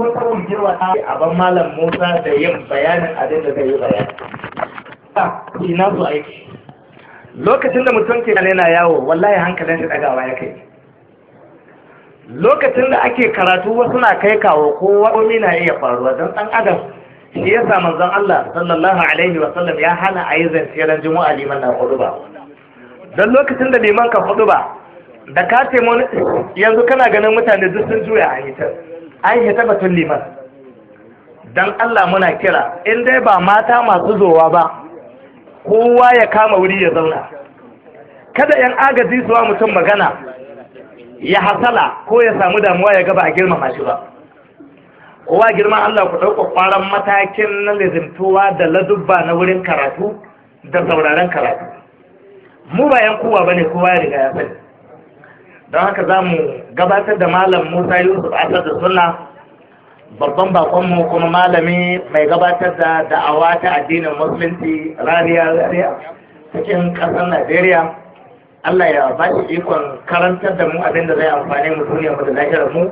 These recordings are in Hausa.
kuma kawai girma ta a ban malam Musa da yin bayanin abin da zai yi bayani. Ina su aiki. Lokacin da mutum ke yana yawo wallahi hankalin shi ɗagawa ya kai. Lokacin da ake karatu wasu na kai kawo ko wani na iya faruwa don ɗan adam shi ya samu zan Allah sallallahu alaihi wa sallam ya hana a yi zance ran juma'a liman na hudu ba. Don lokacin da liman ka hudu ba da ka ce yanzu kana ganin mutane duk sun juya a hitar. an taɓa batun liman dan Allah muna kira in dai ba mata masu zowa ba kowa ya kama wuri ya zauna kada yan agaji suwa mutum magana ya hasala ko ya samu damuwa ya gaba a girmama shi ba kowa girma Allah ku ɗauka ƙwaron matakin na lizimtuwa da ladubba na wurin karatu da sauraren karatu mu ba yan kowa bane kowa ya riga ya sani don haka za mu gabatar da malam musa yusuf asad da sunna babban bakonmu kuma malami mai gabatar da da'awa ta addinin musulunci rariya rariya cikin ƙasar najeriya allah ya ba shi ikon karantar da mu abin da zai amfani mu duniya mu da lahirar mu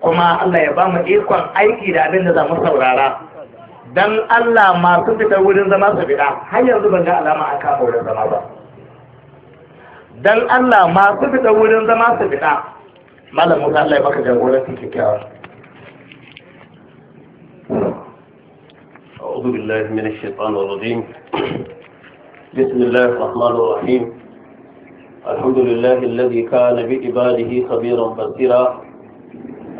kuma allah ya ba mu ikon aiki da abin da za mu saurara dan allah masu fitar wurin zama su fita har yanzu ban ga alama an kama wurin zama ba dan Allah masu fita wurin zama su fita malam Musa Allah ya baka jagoranci kyakkyawa أعوذ بالله من الشيطان الرجيم بسم الله الرحمن الرحيم الحمد لله الذي كان بإباده خبيرا بصيرا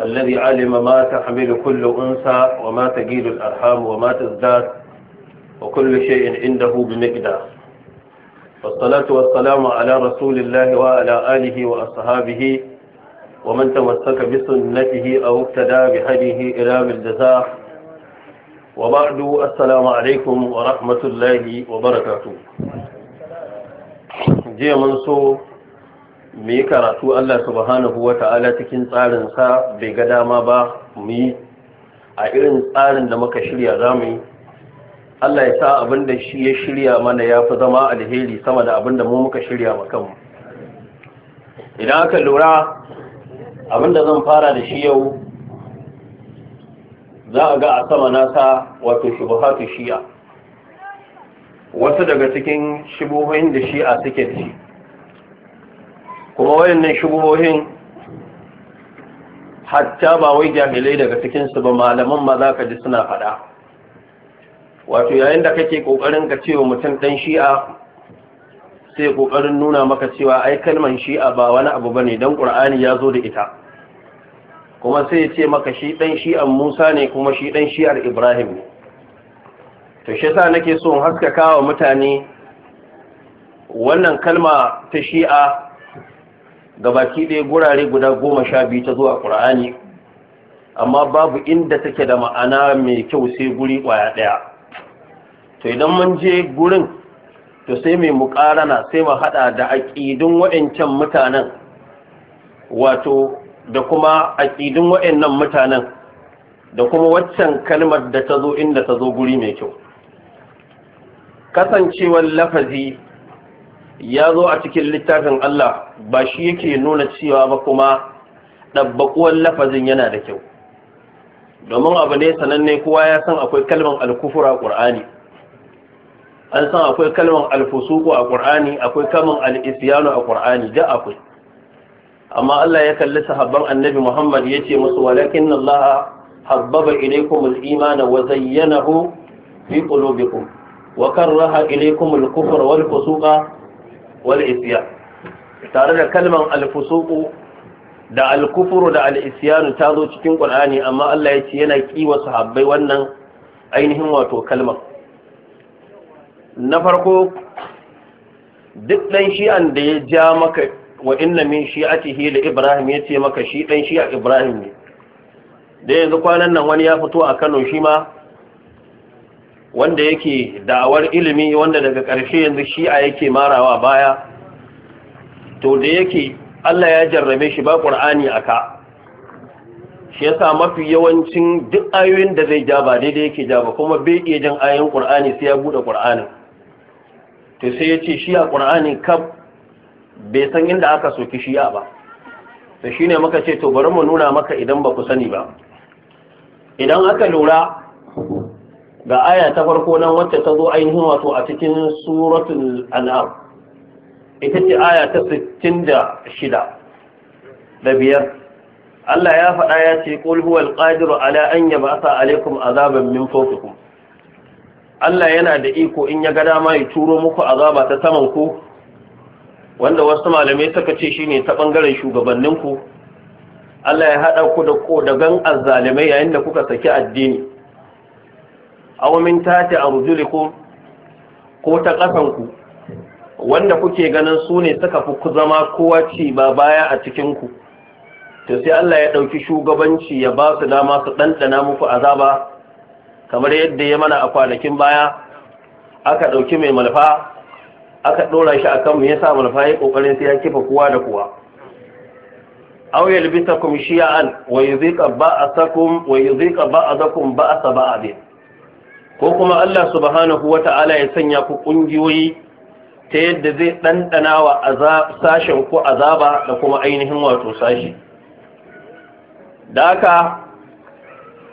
الذي علم ما تحمل كل أنثى وما تجيل الأرحام وما تزداد وكل شيء عنده بمقدار والصلاة والسلام على رسول الله وعلى آله وأصحابه ومن تمسك بسنته أو اقتدى بهديه إلى الجزاء وبعد السلام عليكم ورحمة الله وبركاته jiya mun so mu yi karatu Allah subhanahu wa ta'ala cikin tsarinsa bai ga dama ba mu yi a irin tsarin da muka shirya za mu yi Allah ya sa abin da shi ya shirya mana ya fi zama alheri sama da abin da mu muka shirya ma kanmu idan aka lura abin da zan fara da shi yau za a ga a sama nasa wato shi buhatu shiya wasu daga cikin shubuhohin da shi a suke da shi kuma wayannan shubuhohin hatta ba wai jahilai daga cikinsu ba malaman ma za ka ji suna faɗa wato yayin da kake kokarin ka cewa mutum dan shi'a sai kokarin nuna maka cewa ai kalman shi'a ba wani abu bane dan qur'ani ya zo da ita kuma sai ya ce maka shi dan shi'an Musa ne kuma shi dan shi'ar Ibrahim ne to shi yasa nake so in haskaka wa mutane wannan kalma ta shi'a ga baki ɗaya gurare guda goma sha biyu ta zuwa ƙur'ani amma babu inda take da ma'ana mai kyau sai guri ƙwaya ɗaya to idan mun je gurin to sai mai muƙarana sai mu haɗa da aƙidun wa'ancan mutanen wato da kuma aƙidun wa'annan mutanen da kuma waccan kalmar da ta zo inda ta zo guri mai kyau kasancewar lafazi ya zo a cikin littafin Allah ba shi yake nuna cewa ba kuma ɗabbaƙuwar lafazin yana da kyau domin abu ne sananne kowa ya san akwai kalmar alkufura ƙur'ani an san akwai kalmar alfusuku a ƙur'ani, akwai kalmar al a ƙur'ani da akwai amma Allah ya kalli sahabban annabi Muhammad yace musu walakin Allah habbaba ilaykum al-iman wa zayyanahu fi qulubikum wa karraha ilaykum al-kufra wal fusuqa wal isyan tare da kalmar al da al-kufru da al-isyanu ta zo cikin qur'ani amma Allah ya ce yana kiwa sahabbai wannan ainihin wato kalmar na farko duk ɗan shi'an da ya ja maka wa inna min shi'atihi da Ibrahim ya ce maka shi ɗan shi'a Ibrahim ne da yanzu kwanan nan wani ya fito a Kano shi ma wanda yake da'awar ilimi wanda daga ƙarshe yanzu shi'a yake marawa baya to da yake Allah ya jarrabe shi ba Qur'ani aka shi yasa mafi yawancin duk ayoyin da zai ja ba daidai yake ja ba kuma bai iya jin ayoyin Qur'ani sai ya buɗe ƙur'anin. to sai ya ce shi a ƙur'ani kaf bai san inda aka soki Shia ba to shi ne maka ce to bari mu nuna maka idan ba ku sani ba idan aka lura ga aya ta farko nan wacce ta zo ainihin wato a cikin suratun Al'am, ita ce aya ta 66 da biyar Allah ya faɗa ya ce qul huwal qadiru ala an yab'atha a azaban min fawqikum Allah yana da iko in ya ga dama ya turo muku azaba ta saman ku wanda wasu malamai suka ce shine ta bangaren shugabannin ku Allah ya haɗa ku da gan azzalimai yayin da kuka saki addini aw min tati arjulikum ko ta kasan ku wanda kuke ganin su ne suka fi ku zama kowa ci ba baya a cikin ku to sai Allah ya dauki shugabanci ya ba su dama su dandana muku azaba kamar yadda ya mana a kwanakin baya aka ɗauki mai malfa aka ɗora shi a kanmu ya sa malfa ya ƙoƙarin sai ya kifa kuwa da kowa aw yalbisakum shi'an wa yuzika ba'asakum wa yuzika ba'adakum ba'asa ba'adin ko kuma Allah subhanahu ta'ala ya sanya ku ƙungiyoyi ta yadda zai ɗanɗana wa sashen ku azaba da kuma ainihin wato sashi da haka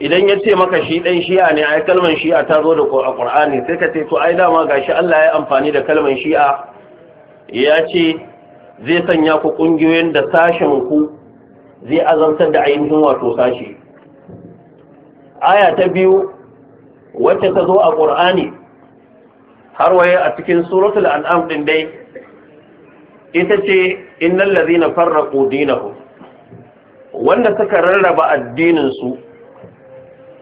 idan ya ce maka shi ɗan shi'a ne ai kalmar shi'a ta zo da ƙur'ani sai ka ce to ai dama shi Allah ya amfani da kalmar shi'a ya ce zai sanya ku ƙungiyoyin da sashen ku zai azantar da ainihin wato sashi aya ta biyu wacce ta zo a ƙur'ani har waye a cikin suratul an'am din dai ita ce innal ladhina farraqu dinahum wanda suka rarraba addinin su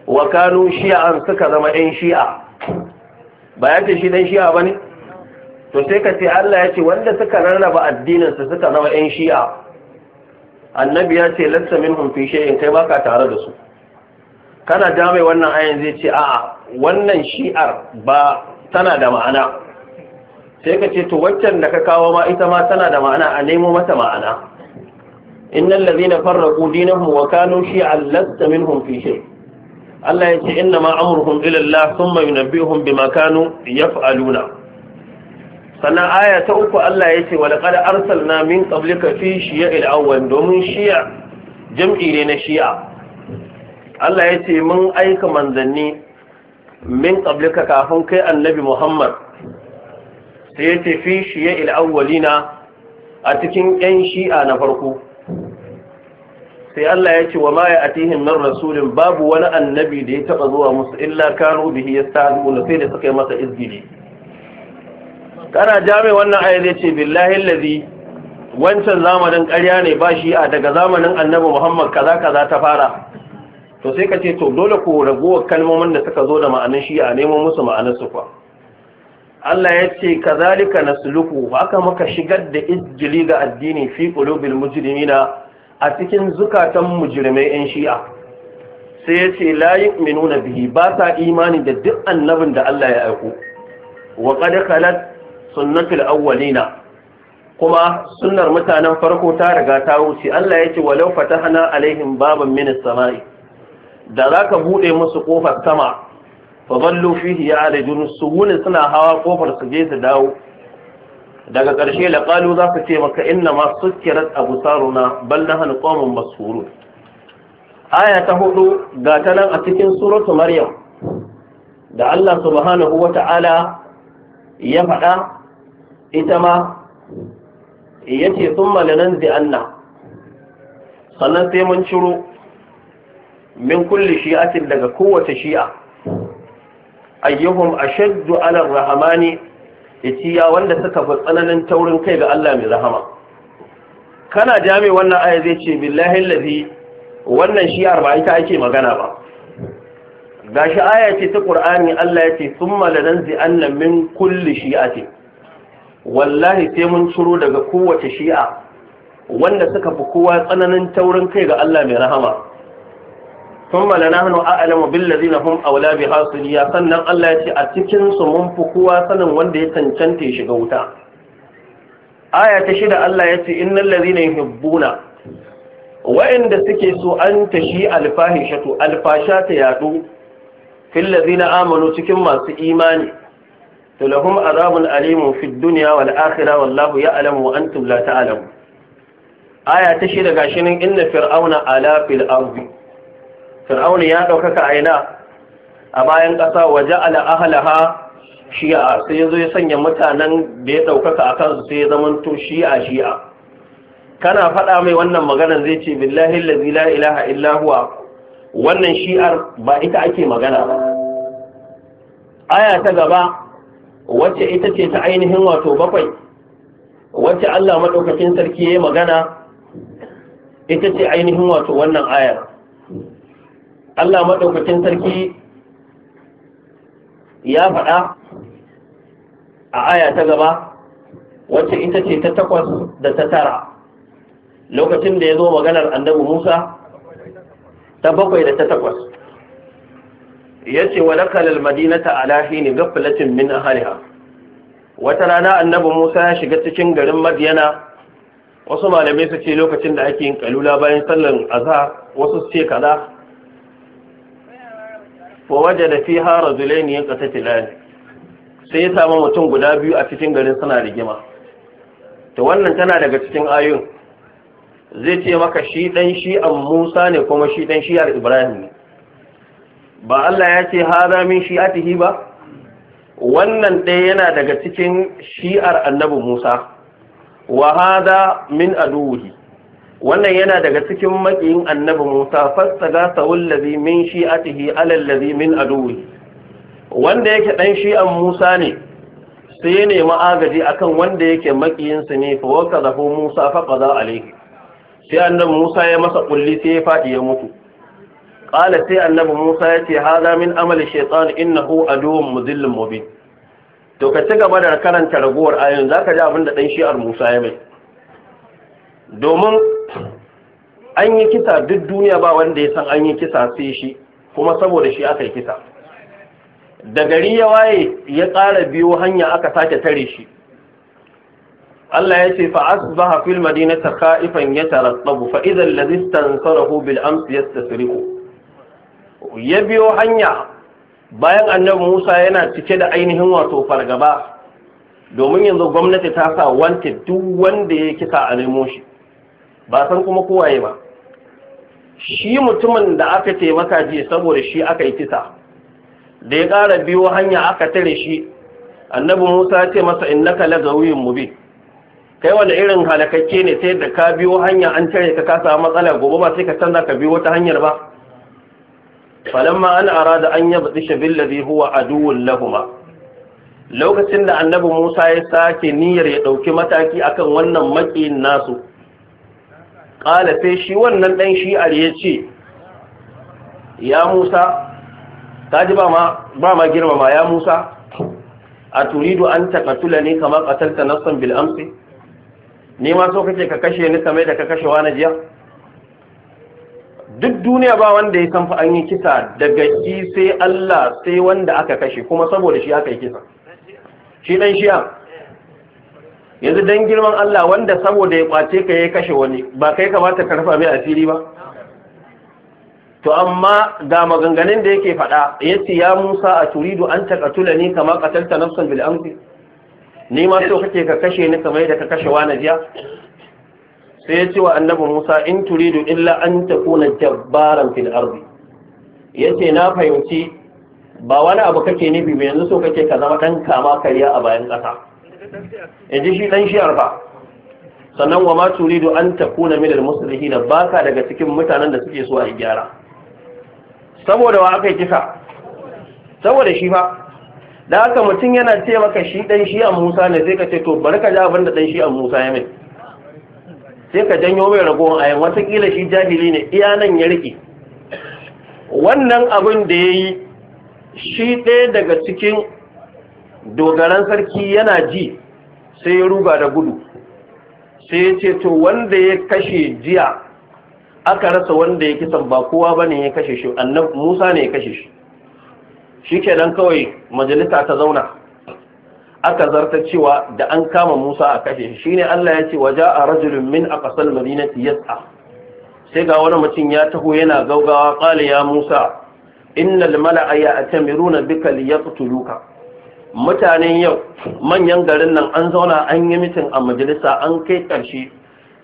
wa kanu shi'an suka zama ɗan shi'a ba ya ce shi ɗan shi'a ba ne to sai ka ce Allah ya ce wanda suka rarraba addininsu suka zama ɗan shi'a annabi ya ce lasta minhum fi shay'in kai baka tare da su kana ja mai wannan ayan zai ce a'a wannan shi'ar ba tana da ma'ana sai ka ce to waccan da ka kawo ma ita ma tana da ma'ana a nemo mata ma'ana innal ladina farraqu dinahum wa kanu shi'an lasta minhum fi shay'in Allah ya ce inna ma amruhum sun Allah bimakano yunabbihum bima kanu yaf'aluna sannan aya ta uku Allah ya ce arsal na min qablika fi shiya'il awwal domin shi'a jam'i ne na shi'a Allah ya ce mun aika manzanni min qablika kafin kai annabi Muhammad sai ya ce fi shiya'il awwalina a cikin 'yan shi'a na farko sai Allah ya ce wa ma ya'tihim min rasulin babu wani annabi da ya taba zuwa musu illa kanu bihi yastahzi'un sai da suka yi masa izgili kana jami wannan aya zai ce billahi allazi wancan zamanin ƙarya ne ba shi a daga zamanin annabi Muhammad kaza kaza ta fara to sai ka ce to dole ku raguwar kalmomin da suka zo da ma'anin shi a nemo musu ma'anar su kuwa Allah ya ce kazalika nasluku ba haka maka shigar da izgili ga addini fi qulubil mujrimina a cikin zukatan mujrimai yan shi'a sai ya ce mai nuna bihi ba sa imani da duk annabin da Allah ya aiko wa qad khalat sunnatul awwalina kuma sunnar mutanen farko ta riga ta wuce Allah ya ce walau hana alaihin baban min samai da zaka buɗe musu ƙofar sama fa zallu fihi ya alijun su suna hawa ƙofar su je su dawo daga ƙarshe laƙalu za ka ce maka inna ma sukkirat abusaruna bal nahnu qawmun masfurun aya ta hudu ga ta nan a cikin suratu maryam da Allah subhanahu ta'ala ya faɗa ita ma yace thumma lananzi zi'anna sannan sai mun ciro min kulli shi'atin daga kowace shi'a ayyuhum ashaddu ala ar-rahmani ya ci ya wanda suka fi tsananin taurin kai ga Allah mai rahama kana jami wannan aya zai ce billahi lafi wannan shi ba ita ake magana ba ga shi aya ce ta ƙur'ani Allah ya ce zai lananzi anna min kulli ce. wallahi sai mun ciro daga kowace shi'a wanda suka fi kowa tsananin taurin kai ga Allah mai rahama thumma lanahnu a'lamu bil ladzina hum awla bi hasiliya sannan Allah ya ce a cikin mun fi kowa sanin wanda ya cancanta ya shiga wuta aya ta shida Allah ya ce innal ladzina yuhibbuna wa'inda suke so an tashi alfahishatu alfasha ta yadu fil ladzina amanu cikin masu imani to lahum azabun alimun fid dunya wal akhirah wallahu ya'lamu wa antum la ta'lamun aya ta shida gashi inna fir'auna ala fil ardi fir'auni ya ɗaukaka a ina a bayan ƙasa waje al'ahalaha shi'a sai ya zo ya sanya mutanen da ya ɗaukaka a kansu sai ya zamanto shi'a shi'a kana faɗa mai wannan maganar zai ce billahi lazi la ilaha illahuwa wannan shi'ar ba ita ake magana ba aya ta gaba wacce ita ce ta ainihin wato bakwai wacce Allah maɗaukakin sarki ya yi magana ita ce ainihin wato wannan ayar Allah maɗaukacin sarki ya faɗa a aya ta gaba wacce ita ce ta takwas da ta tara lokacin da ya zo maganar annabi Musa ta bakwai da ta takwas ya ce wa dakalal madinata alahi ne gafilacin min hariha. wata rana annabi Musa ya shiga cikin garin Madiyana wasu malamai su ce lokacin da ake yin kalula bayan sallar azhar wasu su ce kaza wa wajada fiha rajulain yaqtatilan sai ya samu mutum guda biyu a cikin garin suna rigima Ta wannan tana daga cikin ayoyin zai ce maka shi dan shi'an Musa ne kuma shi ɗan shi'ar Ibrahim ne ba Allah ya ce hada min shi'atihi ba wannan ɗaya yana daga cikin shi'ar annabi Musa wa hada min aduhi wannan yana daga cikin makiyin annabi Musa fastaga sawul ladhi min shi'atihi ala ladhi min aduwi wanda yake dan shi'an Musa ne sai ya nemi agaji akan wanda yake makiyin sa ne fa waka zahu Musa fa qada alayhi sai annabi Musa ya masa kulli sai ya fadi ya mutu qala sai annabi Musa ya ce hada min amali shaytan innahu aduwwun mudhillun mubin to ka ci gaba da karanta ragowar ayoyin zaka ji abin da dan shi'ar Musa ya mai domin an yi kisa duk duniya ba wanda ya san an yi kisa sai shi kuma saboda shi aka yi kisa da gari ya waye ya ƙara biyo hanya aka sake tare shi Allah ya ce fa'asbaha fil madinati khaifan yatarattabu fa idha allazi istansarahu bil ams yastasriqu ya biyo hanya bayan annabi Musa yana cike da ainihin wato fargaba domin yanzu gwamnati ta sa wanted duk wanda ya kisa a nemo shi ba san kuma kowaye ba shi mutumin da aka taimaka maka ji saboda shi aka yi kisa da ya ƙara biyo hanya aka tare shi annabi musa ya ce masa in innaka lagawiyin mubi kai wanda irin halakakke ne ta yadda ka biyo hanya an tare ka kasa matsala gobe ba sai ka canza ka biyo wata hanyar ba falamma an arada an yaba tsi shabil ladhi huwa aduwwun lahuma lokacin da annabi musa ya sake niyyar ya ɗauki mataki akan wannan maƙiyin nasu ƙala sai shi wannan ɗan shi'ar ya ce ya musa ta ji ba ma girmama ya musa a turidu an taƙatula ne kama na nassan bil'amsi ne ma so kake ka kashe ni samai da ka kashe wa na jiya duk duniya ba wanda ya san fa an yi kisa daga shi sai Allah sai wanda aka kashe kuma saboda shi aka yi kisa shi ɗan shi'a yanzu dan girman Allah wanda saboda ya kwace ka ya kashe wani ba kai kamata ka rufa mai asiri ba to amma ga maganganun da yake faɗa yace ya Musa a turidu an taqatula ni kama qatalta nafsan bil amsi ni ma so kake ka kashe ni kamar yadda ka kashe wani jiya sai ya ce wa annabi Musa in turidu illa an takuna jabbaran fil ardi yace na fahimci ba wani abu kake nufi ba yanzu so kake ka zama dan kama karya a bayan ƙasa ya ji shi dan shiyar ba sannan wa ma turidu an takuna min al-muslihin baka daga cikin mutanen da suke so a gyara saboda wa aka yi kisa saboda shi fa da haka mutum yana ce maka shi dan shi Musa ne sai ka ce to bari ka ji abin da dan shi Musa ya mai sai ka janyo mai ragowar ayan watakila shi jahili ne iya nan ya rike. wannan abin da ya yi shi ɗaya daga cikin dogaran sarki yana ji sai ya ruga da gudu sai ya ce to wanda ya kashe jiya aka rasa wanda ya kisan ba kowa ba ne ya kashe shi annan musa ne ya kashe shi shi kenan kawai majalisa ta zauna aka zarta cewa da an kama musa a kashe shi ne allah ya ce waje a rajulun min a ƙasar madinati yasa sai ga wani mutum ya taho yana gaugawa kali ya musa innal mala'a ya ya fito luka mutanen yau manyan garin nan an zauna an yi mitin a majalisa an kai ƙarshe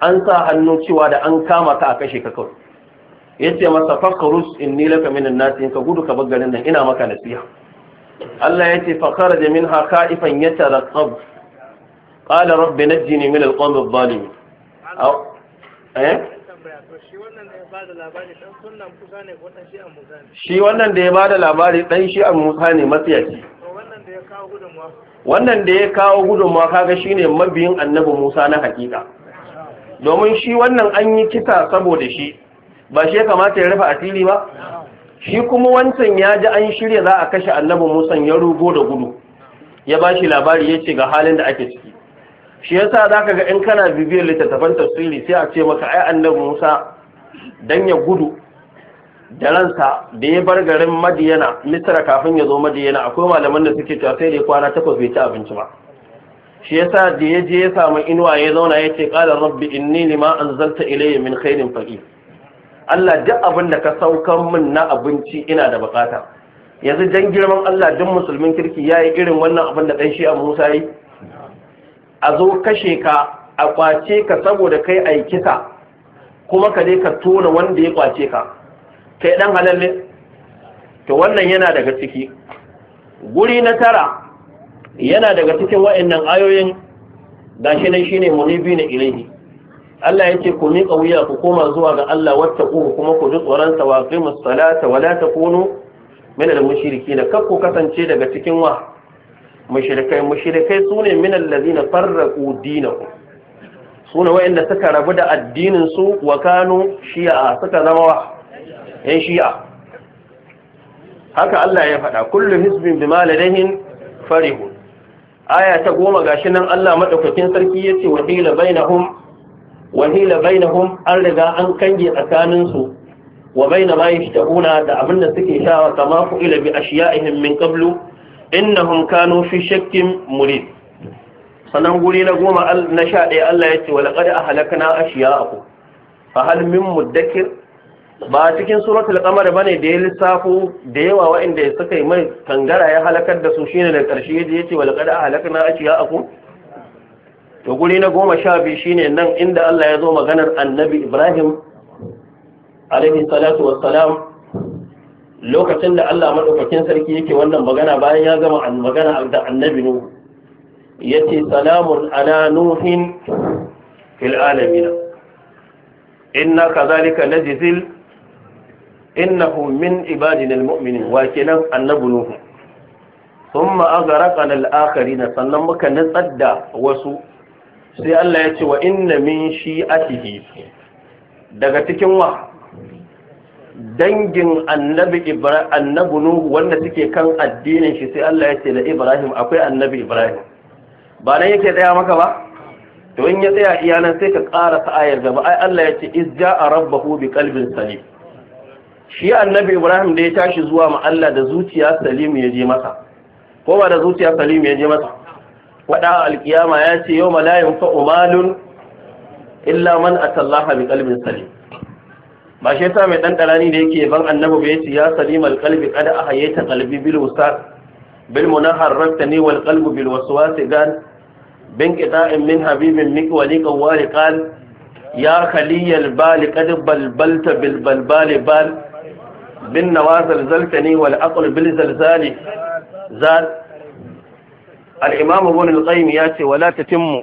an sa hannu cewa da an kama ka a kashe ka kawai ya ce masa fakarus in ni laka minan nasi ka gudu ka bar garin nan ina maka nasiha Allah ya ce fakara da min ha ka'ifan ya tsab ƙala rabbi na jini min al'ummar adh-dhalimin eh? shi wannan da ya ba da labari dan shi a musa ne matsiyaci wannan da ya kawo gudunmawa kaga shine mabiyin annabi Musa na hakika domin shi wannan an yi kisa saboda shi ba shi ya kamata ya rufe asiri ba shi kuma wancan ya ji an shirya za a kashe annabi Musa ya rugo da gudu ya ba shi labari ya ce ga halin da ake ciki shi yasa ka ga in kana bibiyar littattafan tafsiri sai a ce maka ai annabi Musa dan ya gudu da ransa da ya bar garin madiyana misra kafin ya zo madiyana akwai malaman da suke cewa sai da kwana takwas bai ci abinci ba shi yasa da ya je ya samu inuwa ya zauna ya ce qala rabbi inni lima anzalta ilayya min khairin faqir Allah duk abin da ka saukar min na abinci ina da bukata yanzu dan girman Allah dan musulmin kirki yayi irin wannan abin da dan shi a Musa yi a zo kashe ka a kwace ka saboda kai aikisa kuma ka je ka tona wanda ya kwace ka kai dan halal ne to wannan yana daga ciki guri na tara yana daga cikin wa'annan ayoyin gashi nan shine na ilaihi Allah ya ce ku miƙa wuya ku koma zuwa ga Allah wata ku kuma ku ji tsoron sa wa qimus salata wa la takunu min al mushrikin kar ku kasance daga cikin wa mushrikai mushrikai sune min allazina farraqu dinahum sune wa'anda suka rabu da addinin su wa kanu shi'a suka zama wa yan shi'a haka Allah ya faɗa kullu hizbin bima ladayhim farihun aya ta goma gashi nan Allah madaukakin sarki yace wa hila bainahum wa hila bainahum an riga an kange tsakanin su wa baina ma yashtahuna da abinda suke shawa kama ku ila bi ashiya'ihim min qablu innahum kanu fi shakkin murid sanan guri na goma na sha ɗaya Allah yace wa a ahlakna ashiya'akum fa hal min mudakkir ba cikin suratul qamar bane da ya lissafo da yawa waɗanda suka yi mai kangara ya halakar da su shine da ƙarshe yaje yace wal qad ahlakna ashya'akum to guri na goma sha biyu shine nan inda Allah ya zo maganar annabi Ibrahim alaihi salatu wassalam lokacin da Allah madaukakin sarki yake wannan magana bayan ya gama magana da annabi Nuhu yace salamun ala nuhin fil alamin inna kadhalika najzil innahu min ibadina almu'minin wa kenan annabi nuhu thumma aghraqna al-akharin sannan muka nutsar da wasu sai Allah ya ce wa inna min shi'atihi daga cikin wa dangin annabi ibrahim annabi nuhu wanda suke kan addinin shi sai Allah ya ce da ibrahim akwai annabi ibrahim ba nan yake tsaya maka ba to in ya tsaya iyalan sai ka ƙara ayar gaba ai Allah ya ce iz ja'a rabbahu bi qalbin salim shi annabi ibrahim da ya tashi zuwa ma da zuciya salimu ya je masa ko ba da zuciya salimu ya je masa wada alkiyama ya ce yau malayin fa umalun illa man atallaha bi qalbin salim ba shi yasa mai dan dalani da yake ban annabi ba ya salim alqalbi qad ahayta qalbi bil wasat bil munahar rattani wal qalbu bil waswas gan bin qita'in min habibin mik wa liqa ya khaliyal bal qad balbalta bil balbal bal بالنوازل زلتني والعقل بالزلزال زال الإمام ابن القيم ياتي ولا تتم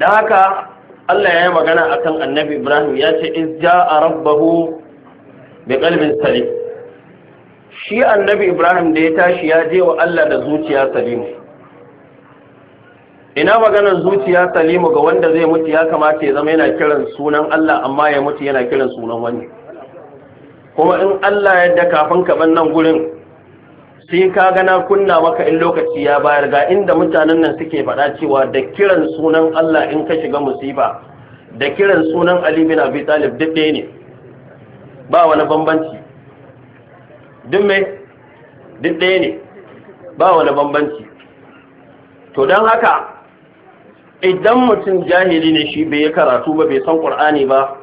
da haka Allah ya yi magana akan annabi Ibrahim ya ce iz a rabbahu bi kalbin salim shi annabi Ibrahim da ya tashi ya je wa Allah da zuciya salimu ina maganar zuciya salimu ga wanda zai mutu ya kamata ya zama yana kiran sunan Allah amma ya mutu yana kiran sunan wani kuma in Allah ya da kafin ka nan gurin sai ka gana kunna maka in lokaci ya bayar ga inda mutanen nan suke faɗa cewa da kiran sunan Allah in ka shiga musiba da kiran sunan Ali bin Abi Talib duk ɗaya ne ba wani bambanci duk mai duk ɗaya ne ba wani bambanci to don haka idan mutum jahili ne shi bai karatu ba bai san ƙur'ani ba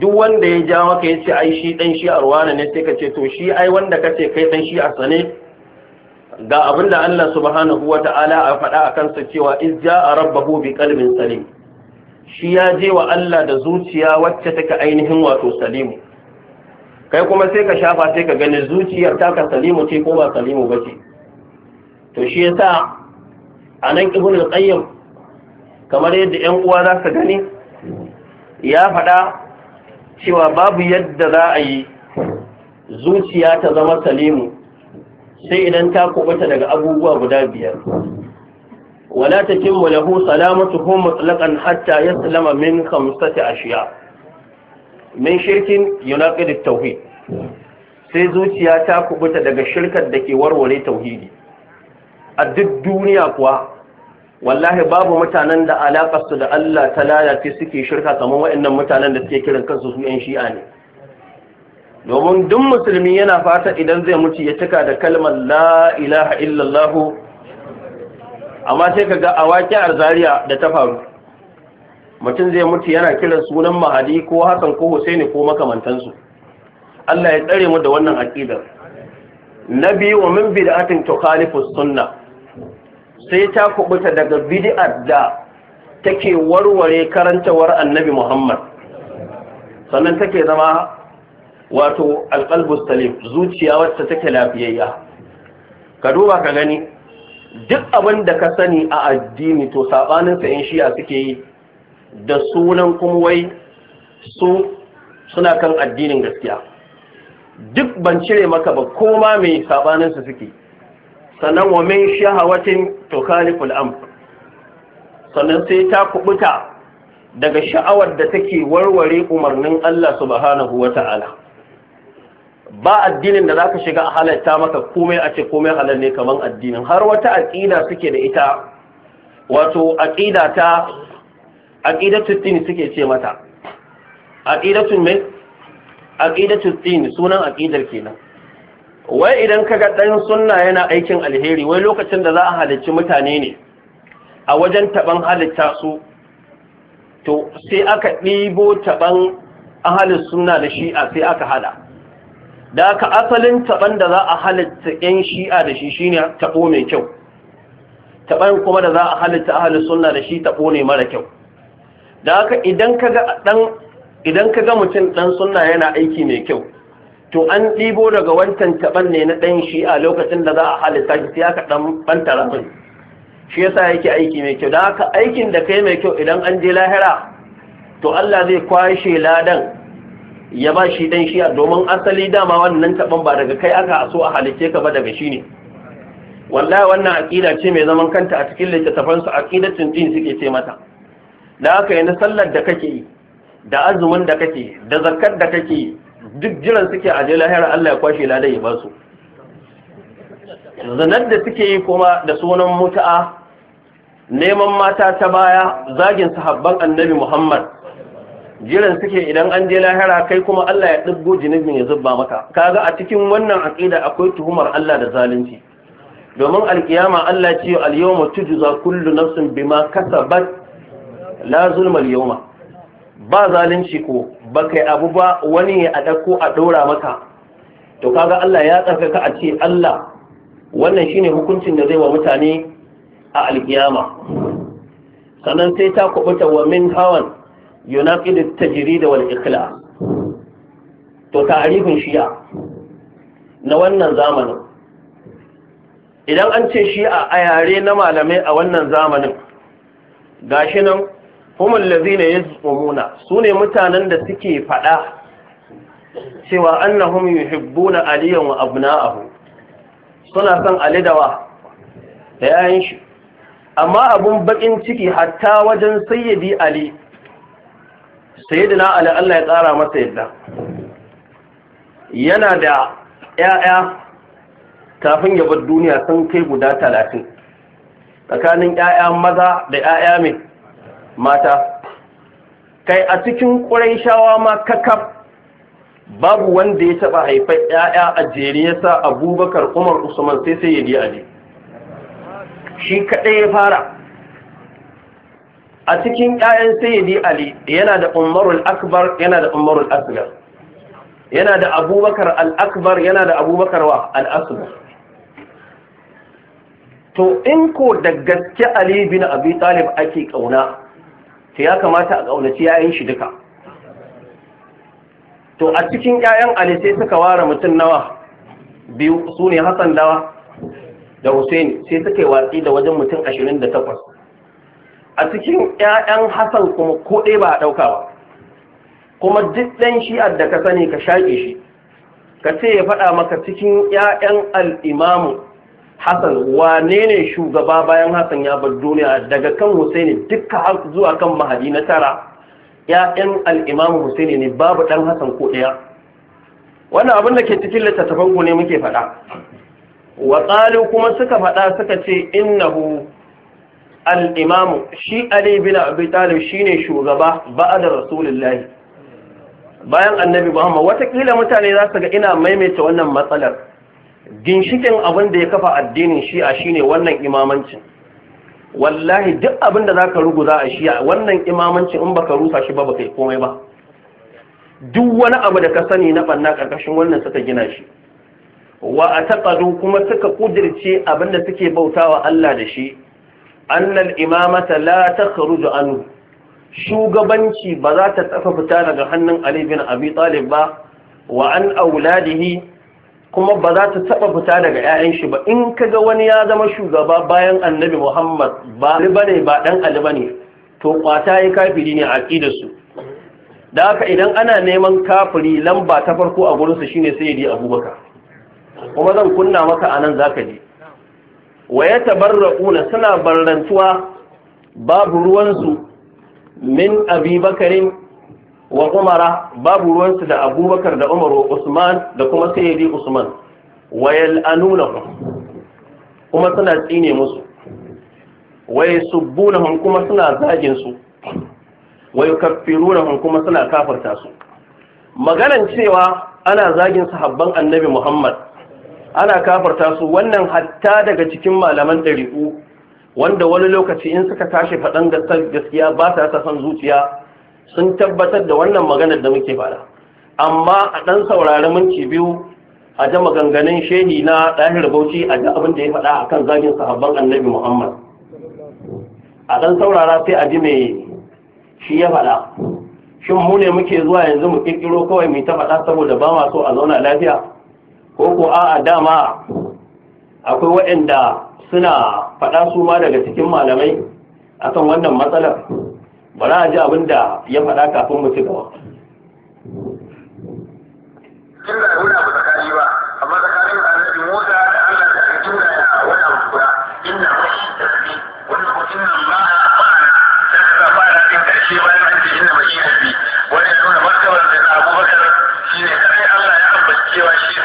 duk wanda ya ja maka ya ce ai shi dan shi arwana ne sai ka ce to shi ai wanda ka ce kai dan shi a sane ga abin da Allah subhanahu wa ta'ala a faɗa a kansa cewa iz ja'a rabbahu bi qalbin salim shi ya je wa Allah da zuciya wacce take ainihin wato salimu kai kuma sai ka shafa sai ka gani zuciyar taka salimu ce ko ba salimu ba ce to shi yasa a nan ibn al kamar yadda ƴan uwa za su gani ya faɗa cewa babu yadda za a yi zuciya ta zama salimu sai idan ta kubuta daga abubuwa guda biyar wala tatimmu lahu salamatuhu mutlaqan hatta yaslama min khamsati ashiya min shirkin yunaqid at-tauhid sai zuciya ta kubuta daga shirkar da ke warware tauhidi a duk duniya kuwa wallahi babu mutanen da alaƙarsu da Allah ta lalace suke shirka kamar waɗannan mutanen da suke kiran kansu su yan shi'a ne domin duk musulmi yana fata idan zai mutu ya cika da kalmar la ilaha illallah amma sai ga a waƙiyar arzariya da ta faru mutum zai mutu yana kiran sunan mahadi ko hasan ko husaini ko makamantansu Allah ya tsare mu da wannan aqidar na biyu wa min bid'atin tukhalifu sunnah sai ta kubuta daga bid'ar da take warware karantawar annabi Muhammad sannan take zama wato alqalbu salim zuciya wacce take lafiyayya ka duba ka gani duk abin da ka sani a addini to sabanin sa in shi'a suke yi da sunan kuma wai su suna kan addinin gaskiya duk ban cire maka ba koma mai sabaninsu suke sannan wa min shahawatin tukhaliful amr sannan sai ta kubuta daga sha'awar da take warware umarnin Allah subhanahu wata'ala ba addinin da zaka shiga halatta maka komai a ce komai halal ne kaman addinin har wata aqida suke da ita wato aqida ta aqidatu tin suke ce mata aqidatu min aqidatu tin sunan aqidar kenan wai idan ka ga ɗan sunna yana aikin alheri wai lokacin da za a halicci mutane ne a wajen taɓan halitta su to sai aka ɗibo taɓan ahalin sunna da shi'a sai aka hada da aka asalin taɓan da za a halitta 'yan shi'a da shi shine taɓo mai kyau taɓan kuma da za a halitta ahalin sunna da shi taɓo ne mara kyau da aka idan ka ga mutum ɗan sunna yana aiki mai kyau to an ɗibo daga wancan taɓan ne na ɗan shi a lokacin da za a halitta shi sai aka ɗan ɓanta rabin shi ya yasa yake aiki mai kyau da haka aikin da kai mai kyau idan an je lahira to Allah zai kwashe ladan ya ba shi ɗan shi a domin asali dama wannan taɓan ba daga kai aka so a halicce ka ba daga shi ne wallahi wannan aƙida ce mai zaman kanta a cikin littattafan littattafansu aqidatun din suke ce mata da haka yana sallar da kake yi da azumin da kake da zakkar da kake yi duk jiran suke a je lahira Allah ya kwashe lada ya ba su zinar da suke yi kuma da sunan mutu'a neman mata ta baya zagin sahabban annabi Muhammad jiran suke idan an je lahira kai kuma Allah ya dubbo jinibin ya zubba maka kaga a cikin wannan aƙida akwai tuhumar Allah da zalunci domin alkiyama Allah ce al-yawma tujza kullu nafsin bima kasabat la zulma al-yawma ba zalunci ko ba kai abu ba wani ya ɗauko a ɗora maka to kaga Allah ya tsarkaka a ce Allah wannan shine hukuncin da zai wa mutane a alkiyama sannan sai ta kubuta wa min hawan yunaqidu tajrid wal ikhla to ta'arifin shi'a na wannan zamanin idan an ce shi'a a yare na malamai a wannan zamanin gashi nan هم الذين يزعمون ne mutanen da suke fada cewa annahum yuhibbuna aliyan wa abna'ahu suna son ali da yayin shi amma abun bakin ciki hatta wajen sayyidi ali sayyidina ali Allah ya tsara masa yadda yana da 'ya'ya kafin ya bar duniya sun kai guda talatin, tsakanin yaya maza da 'ya'ya mai mata kai a cikin shawa ma kakaf babu wanda ya taɓa haifar ‘ya'ya a jeriyarsa abubakar umar usman sai sai ya je aje shi kaɗai ya fara a cikin ‘ya'yan sayyidi ali yana da umarul akbar yana da umarul asgar yana da abubakar al'akbar yana da abubakar wa al'asgar to in ko da gaske ali bin abi talib ake ƙauna to ya kamata a ƙaunaci yayan shi duka to a cikin yayan ali sai suka ware mutum nawa biyu su ne hassan dawa da hussein sai suka yi watsi da wajen mutum ashirin da takwas a cikin yayan hassan kuma ko ɗaya ba a ɗauka ba kuma duk ɗan shi'ar da ka sani ka shaƙe shi ka ce ya faɗa maka cikin yayan al'imamu Hassan wane ne shugaba bayan Hassan ya bar duniya daga kan Husaini duka zuwa kan Mahadi na tara ƴaƴan al-Imam Husaini ne babu dan Hassan ko ɗaya wannan abin da ke cikin littattafan ku ne muke faɗa wa qalu kuma suka faɗa suka ce innahu al-Imam shi Ali bin Abi Talib shine shugaba ba'da Rasulullahi bayan Annabi Muhammad watakila mutane za su ga ina maimaita wannan matsalar ginshikin abin da ya kafa addinin shi'a shine wannan imamancin wallahi duk abin da za zaka ruguza a shi'a wannan imamancin in baka rusa shi ba baka yi komai ba duk wani abu da ka sani na banna karkashin wannan suka gina shi wa a ataqadu kuma suka kudirce abin da suke wa Allah da shi annal imamata la da anhu shugabanci ba za ta tsafa fita daga hannun Ali bin Abi Talib ba wa an auladihi kuma ba za ta taɓa fita daga 'ya'yan shi ba in ka ga wani ya zama shugaba bayan annabi muhammad ba ne ba ɗan ali bane, to kwata ya kafiri ne a su da haka idan ana neman kafiri lamba ta farko a gurinsa shine sai ya di abubakar kuma zan kunna maka a nan zaka ji wa ya tabarra'una suna barrantuwa babu ruwansu min abubakarin wa umara babu ruwansu da abubakar da umar wa usman da kuma sayyidi usman wa yal'anunahum kuma suna tsine musu wa yasubbunahum kuma suna zagin su wa yukaffirunahum kuma suna kafarta su maganan cewa ana zagin sahabban annabi muhammad ana kafarta su wannan hatta daga cikin malaman ɗari'u wanda wani lokaci in suka tashi faɗan gaskiya ba ta son zuciya sun tabbatar da wannan maganar da muke fara amma a ɗan saurari minti biyu a ji maganganun shehi na ɗahir bauchi a ji abin da ya faɗa a kan zagin sahabban annabi muhammad a ɗan saurara sai a ji mai shi ya faɗa shin mu ne muke zuwa yanzu mu ƙirƙiro kawai mai ta faɗa saboda ba ma so a zauna lafiya ko ko a'a dama akwai waɗanda suna faɗa su ma daga cikin malamai akan wannan matsalar bari a ji abin da ya faɗa kafin mu ci gaba illa wani abu tsakani ba amma tsakanin annabi Musa da Allah da ake tura ya wani abu guda inna mashi tasbi wani mutum nan ba a fara ta ka ba na din karshe bayan an ce inna mashi tasbi wani nuna martabar da Abubakar shine kai Allah ya ambaci cewa shi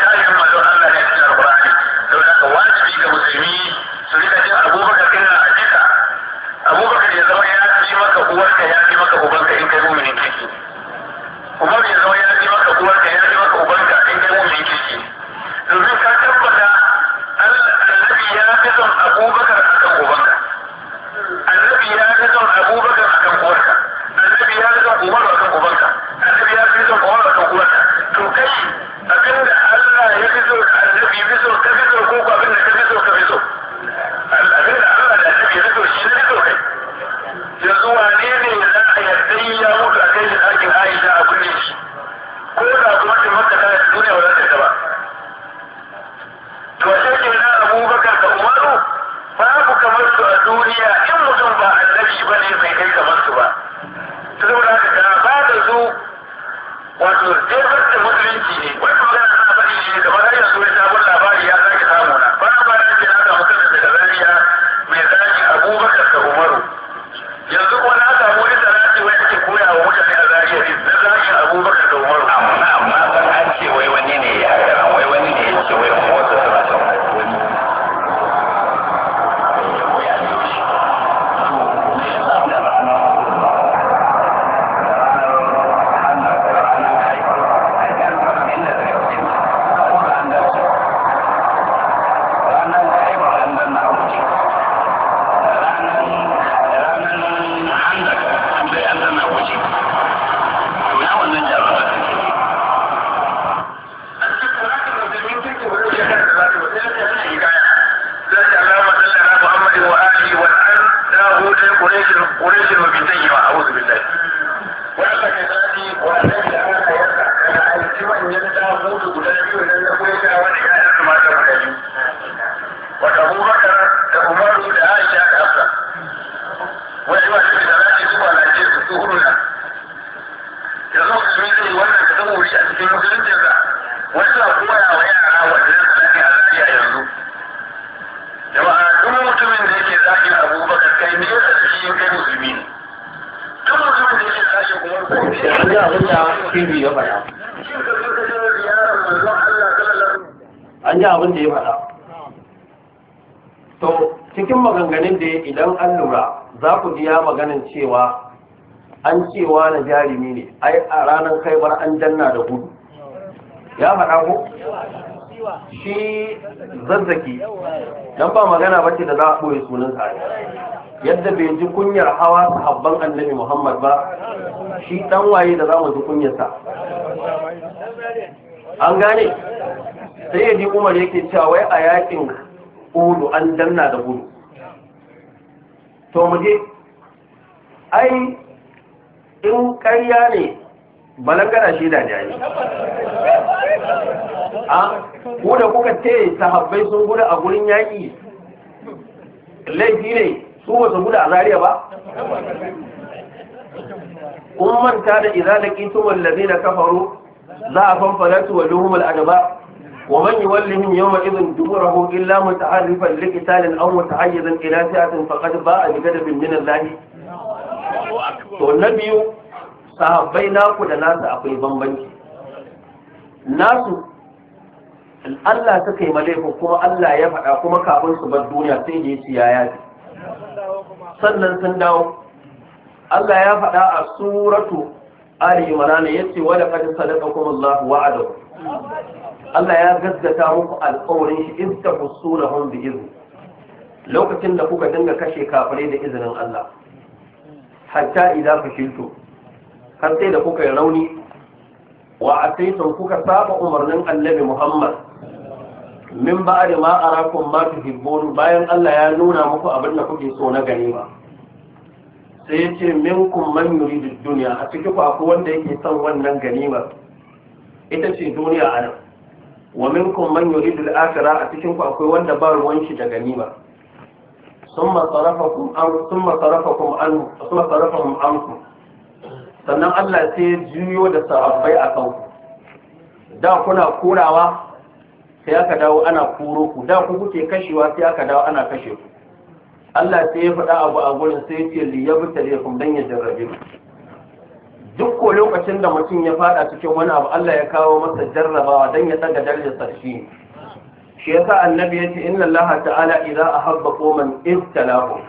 ranar khaibar an janna da gudu ya faɗa ko shi zazzaki dan ba magana bace da za a ɓoye sunan sa yadda bai ji kunyar hawa sahabban annabi Muhammad ba shi dan waye da za mu ji kunyarsa. an gane sai ya ji Umar yake cewa wai a yakin ulu an danna da gudu to muje ai in ƙarya ne balangana shi da jayi a ah, Ku da kuka ce sahabbai sun gudu a gurin yaƙi laifi ne su ba su gudu a zariya ba kun manta da izalaki tumar lazi da kafaru za a fanfana su wa a adaba wa man yuwallihim yawma idhin duburahu illa an liqitalin aw muta'ayyizan ila fi'atin faqad ba'a bi da min Allah to na biyu sahabbai naku da nasu akwai bambanci nasu Allah ta kai malaikun kuma Allah ya faɗa kuma kafin su bar duniya sai da yace ya yaji sannan sun dawo Allah ya faɗa a suratu Ali Imran yace wa laqad sadaqakum Allah wa'ada Allah ya gaggata muku alƙawarin shi in ta fusulahum bi izni lokacin da kuka dinga kashe kafare da izinin Allah hatta ku fito. har sai da kuka yi rauni wa ataitum kuka saba umarnin annabi Muhammad min ba da ma arakum ma hibbonu bayan Allah ya nuna muku abin da kuke so na gani ba sai ya ce kun man da duniya a cikin ku akwai wanda yake son wannan ganimar ita ce duniya a nan wa min man yuridu da akhirah a cikin ku akwai wanda ba ruwan shi da ganima masarafa sarafakum an masarafa sarafakum an summa sarafakum ankum sannan Allah sai ya juyo da sahabbai a kan da kuna korawa sai aka dawo ana koro ku da ku kuke kashewa sai aka dawo ana kashe ku Allah sai ya faɗa abu a gurin sai ya ce li yabtalikum dan ya jarrabe duk ko lokacin da mutum ya faɗa cikin wani abu Allah ya kawo masa jarrabawa dan ya daga darajar shi shi yasa annabi yace inna Allah ta'ala idza ahabba qauman ibtalahum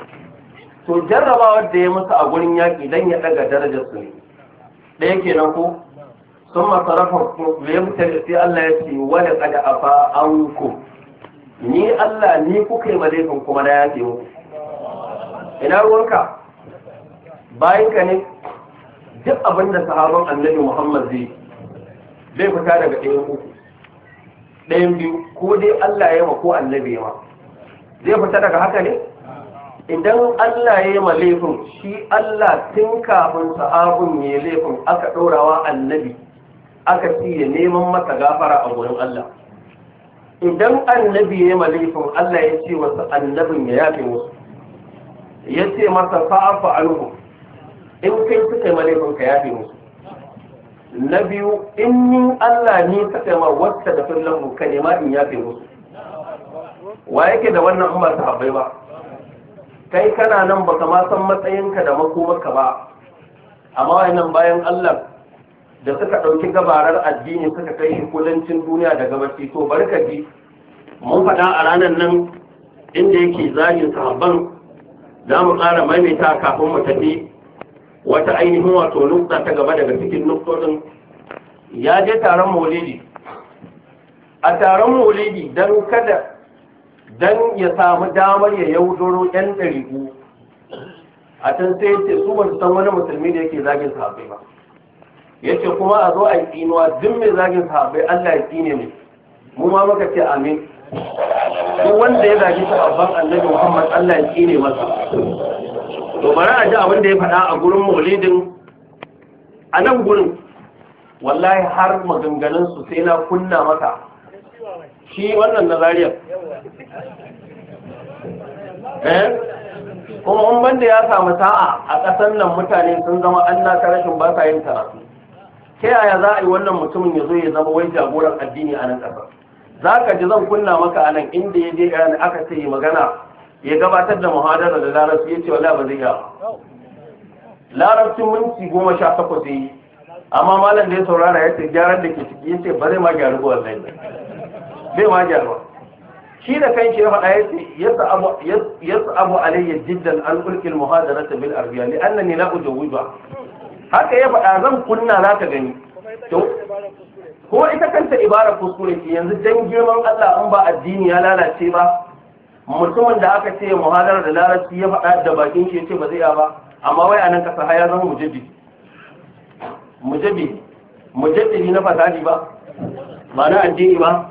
to jarrabawar da ya masa a gurin yaƙi dan ya daga darajar su ne ɗaya ke nan ko sun masarafa me ya mutane sai Allah ya ce wani kada a fa an ku ni Allah ni kuka yi malaikun kuma na ya ce muku ina ruwanka bayan ka ne duk abin da sahabon annabi Muhammad zai zai fita daga ɗayan uku ɗayan biyu ko dai Allah ya ma ko annabi ya ma zai fita daga haka ne idan Allah ya yi ma laifin shi Allah tun kafin sahabun ya yi laifin aka ɗorawa annabi aka siya ya neman masa gafara a gurin Allah idan annabi ya yi ma laifin Allah ya ce wasu annabin ya yafe musu ya ce masa fa'afa anhu in kai suka yi ma laifin ka yafe musu na biyu in ni Allah ni suka yi ma wasta da fillan ka nema in yafe musu wa yake da wannan in ba sahabbai ba kai kana nan baka ma san matsayinka da makomarka ba amma wannan bayan Allah da suka ɗauki gabarar addini suka kai shi kudancin duniya daga gabashi to barka ji mun faɗa a ranar nan inda yake zagin sahabban za mu ƙara maimaita kafin mu tafi wata ainihin wato nukta ta gaba daga cikin nuktoɗin ya je taron maulidi a taron maulidi don kada Dan ya samu damar ya yaudoro yan ɗariku a can sai ce su ba su san wani musulmi da yake zagin sahabbai ba ya kuma a zo a yi tsinuwa duk mai zagin sahabbai allah ya tsine ne mu ma muka ce amin duk wanda ya zagi sahabban annabi muhammad allah ya tsine masa to bari a ji abin da ya faɗa a gurin maulidin a nan gurin wallahi har maganganunsu sai na kunna masa shi wannan nazariyar eh kuma in banda ya samu sa'a a ƙasar nan mutane sun zama Allah ta rashin ba sa yin karatu ta yaya za a yi wannan mutumin ya zo ya zama wai jagoran addini a nan ƙasar za ka ji zan kunna maka a nan inda ya je iran aka ce magana ya gabatar da muhadara da larabci ya ce wala ba zai yawa larabcin minti goma sha takwas yi amma malam da ya saurara ya ce gyaran da ke ciki ya ce ba zai ma gyaru ba wallahi bai ma gyaruwa shi da kan shi ya faɗa ya ce su abu alayya jiddan an ulkil ta bil arbiya ne na ujo wujwa haka ya faɗa zan kunna za ka gani to kuma ita kanta ibarar kuskure ce yanzu dan girman Allah an ba addini ya lalace ba mutumin da aka ce muhadarar da larabci ya faɗa da bakin shi ya ce ba zai ba amma wai anan kasa haya zama mujabbi mujabbi mujabbi na fasadi ba ba na addini ba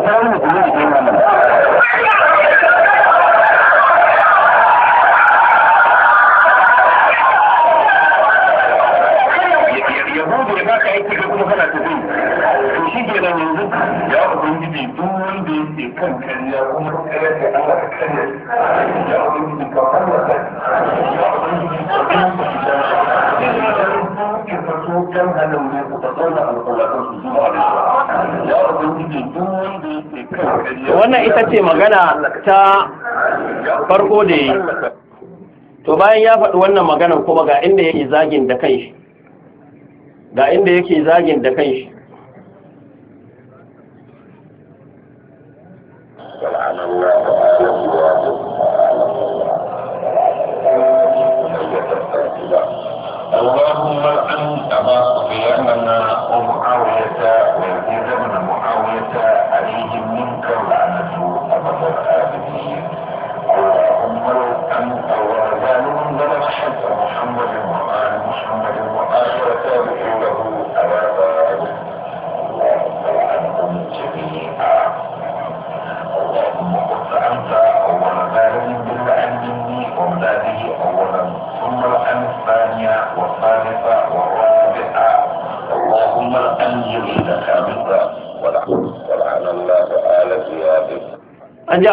samun kuma da kuma nan. Yahudu ya baka aiki ka kuma kana tafi. To shi ke nan yanzu ya ubangiji duk wanda yake kan kariya kuma kariya ke Allah ka kariya. Ya ubangiji ka fara ta. Ya ubangiji ka kuma ka kan halin ne ku ta tsauna alƙawarin su zuwa da shi. Ya ubangiji duk wannan ita ce magana ta farko da yi to bayan ya faɗi wannan maganar kuma ga inda yake zagin da shi ga inda yake zagin da shi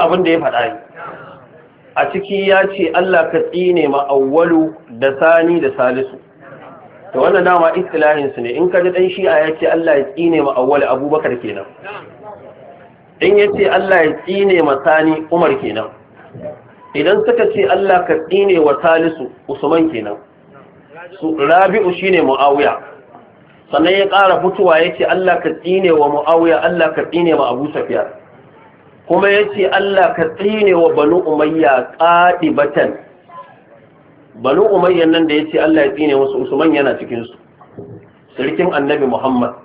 abin da ya faɗa ne. a ciki ya ce Allah ka tsine ma da sani da salisu ta wannan dama istilahinsu su ne in ka ji ɗan shi'a ya ce Allah ya tsine ma abubakar kenan in ya ce Allah ya tsine ma sani umar kenan idan suka ce Allah ka tsine wa salisu usman kenan Rabi'u shi ne muawiya sannan ya ƙara fitowa ya ce Allah ka tsine wa muawiya Allah ka tsine ma abu safiya kuma ya ce Allah ka tsine wa banu umayya ƙaɗi batan banu umayya nan da ya ce Allah ya tsine wasu usman yana cikinsu Sirkin annabi muhammad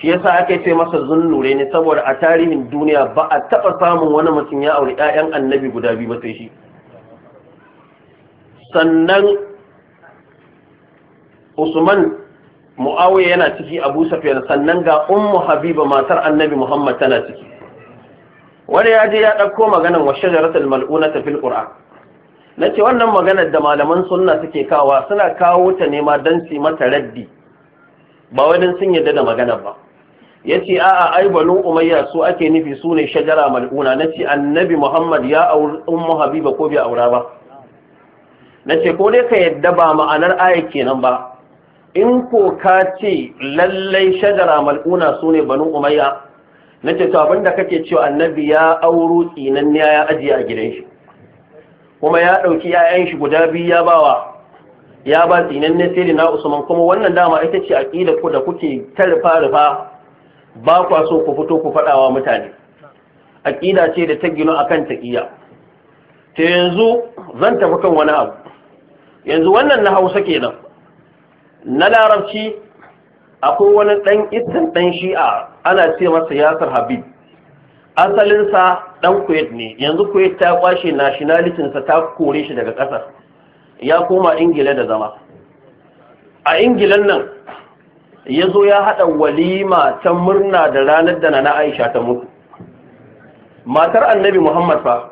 shi yasa aka ce masa zunnure ne saboda a tarihin duniya ba a taɓa samun wani mutum ya auri 'ya'yan annabi guda biyu ba sai shi sannan Usman Muawiya yana ciki Abu safiyar sannan ga Ummu Habiba matar Annabi Muhammad tana ciki wani ya je ya ɗauko maganin wa shajaratul ta fil qur'an nace wannan maganar da malaman sunna suke kawa suna kawo ta nema dan su mata raddi ba wani sun yarda da maganar ba yace a'a ai banu umayya su ake nufi su ne shajara mal'una nace annabi muhammad ya auri ummu habiba ko bai aura ba nace ko dai ka yadda ba ma'anar aya kenan ba in ko ka ce lallai shajara mal'una su ne banu umayya na ce to da kake cewa annabi ya auro tsinan ya ajiye a gidan shi kuma ya ɗauki 'ya'yan shi guda biyu ya bawa ya ba tsinan ne sai na usman kuma wannan dama ita ce aqida ku da kuke ta rufa ba kwa so ku fito ku faɗawa mutane aƙida ce da ta gino akan taƙiya ta yanzu zan tafi kan wani abu yanzu wannan na hausa kenan na larabci akwai wani ɗan itin ɗan shi'a ana ce masa yasir habib asalinsa ɗan kuwait ne yanzu kuwait ta kwashe nationalitinsa ta kore shi daga ƙasar ya koma ingila da zama a ingilan nan ya zo ya haɗa walima ta murna da ranar da na aisha ta mutu matar annabi muhammad fa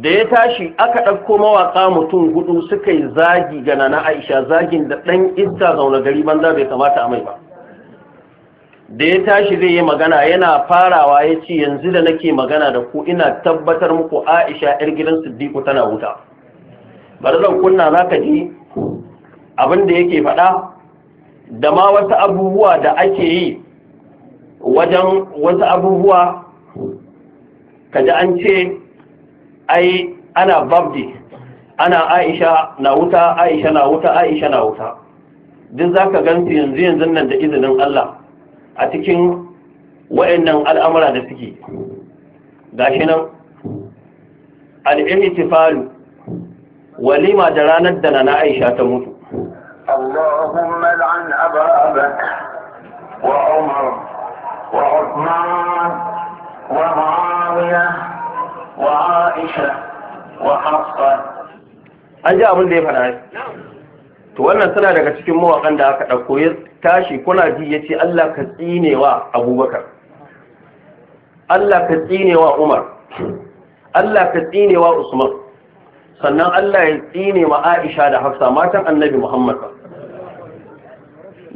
da ya tashi aka ɗauko mawaƙa mutum hudu suka yi zagi gana na aisha zagin da ɗan iska zaune gari banza bai kamata a mai ba da ya tashi zai yi magana yana farawa ya ce yanzu da nake magana da ku ina tabbatar muku aisha yar gidan siddiku tana wuta bari zan kunna za ka ji abin da yake faɗa da ma wasu abubuwa da ake yi wajen wasu abubuwa ka ji an ce ai ana babdi ana aisha na wuta aisha na wuta aisha na wuta duk za ka gansu yanzu yanzu nan da izinin allah a cikin wa'annan al'amura da suke gashi nan al'imitifalu walima da ranar da na aisha ta mutu Allahumma اللهم wa umar wa usman wa ومعاوية wa aisha wa hafsa an ji abin da ya faɗa to wannan suna daga cikin mawaƙan da aka ɗauko ya tashi kuna ji ya ce Allah ka tsinewa abubakar Allah ka tsinewa umar Allah ka tsinewa usman sannan Allah ya tsine aisha da hafsa matan annabi muhammad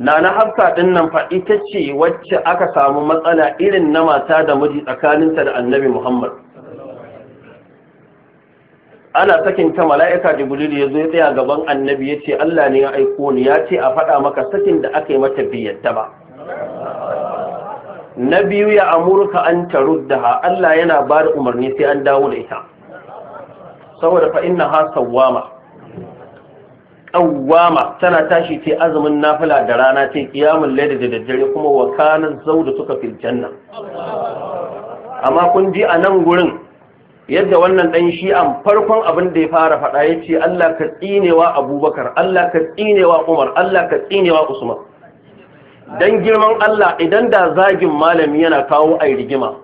na na hafsa ɗin nan fa ita ce wacce aka samu matsala irin na mata da miji tsakaninta da annabi muhammad ana sakin ta mala'ika jibril ya zo ya tsaya gaban annabi ya ce Allah ne ya aiko ni ya ce a faɗa maka sakin da aka yi mata ta ba na biyu ya amurka an ha Allah yana ba da umarni sai an dawo da ita saboda fa inna ha sawwama qawwama tana tashi ce azumin nafila da rana ce ƙiyamun laida da daddare kuma wa zau da suka fil janna amma kun ji a nan gurin yadda wannan ɗan shi'an farkon abin da ya fara faɗa ya ce Allah ka tsinewa abubakar Allah ka tsinewa umar Allah ka tsinewa usman don girman Allah idan da zagin malami yana kawo a rigima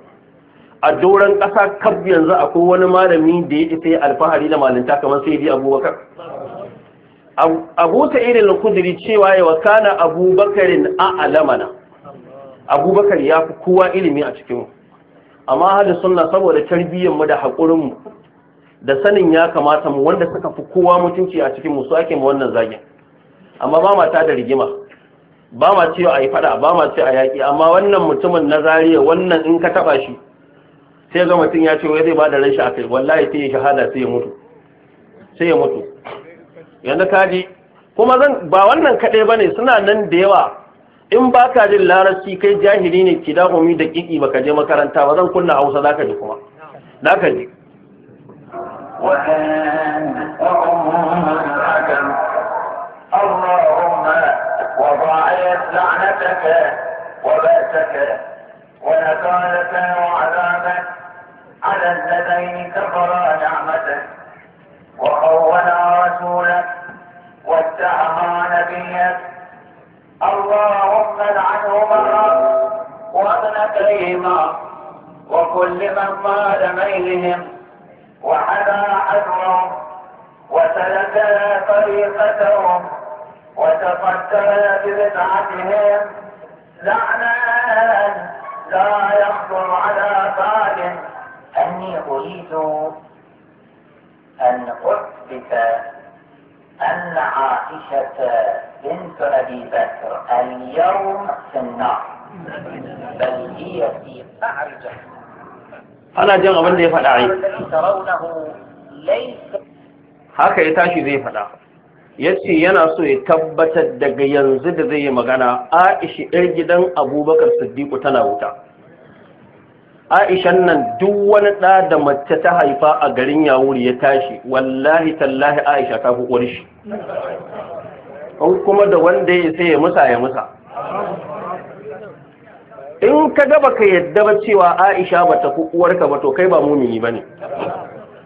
a doron ƙasa kaf yanzu akwai wani malami da ya isa alfahari da malinta kamar sai ya abubakar abu ta irin kudiri cewa ya wakana abubakarin a alamana abubakar ya fi kowa ilimi a cikin amma hada sunna saboda tarbiyyar mu da hakurin mu da sanin ya kamata mu wanda suka fi kowa mutunci a cikin mu su ake mu wannan zagin amma ba ma ta da rigima ba ma ce a yi fada ba ma ce a yaƙi amma wannan mutumin na zariya wannan in ka taba shi sai ga mutum ya ce wai zai ba da ran shi a kai wallahi sai ya shahada sai ya mutu sai ya mutu yanzu kaji kuma zan ba wannan kaɗai ba ne suna nan da yawa in ba ka jin larabci kai jahili ne ki dahumi da kiki baka je makaranta ba zan kunna hausa zaka ji kuma zaka ji اللهم رسولك واتهما نبيك اللهم لعنهما وابنتيهما وكل من مال ميلهم وحدا حذرهم وسلك طريقتهم وتفكر ببدعتهم لعنا لا يخطر على بال اني اريد ان اثبت أن عائشة بنت أبي بكر اليوم في النار بل هي في قعر جهنم أنا جن أبن دي فلعي ترونه ليس haka ya tashi zai faɗa ya ce yana so ya tabbatar daga yanzu da zai yi magana aisha 'yar gidan abubakar siddiqu tana wuta aishan nan duk wani ɗa da mace ta haifa a garin yawuri ya tashi wallahi tallahi aisha ta kukwar shi kuma da wanda ya sai ya musa ya musa in ka gaba ka yadda ba cewa aisha ba ta uwarka ba to kai ba mumini ba ne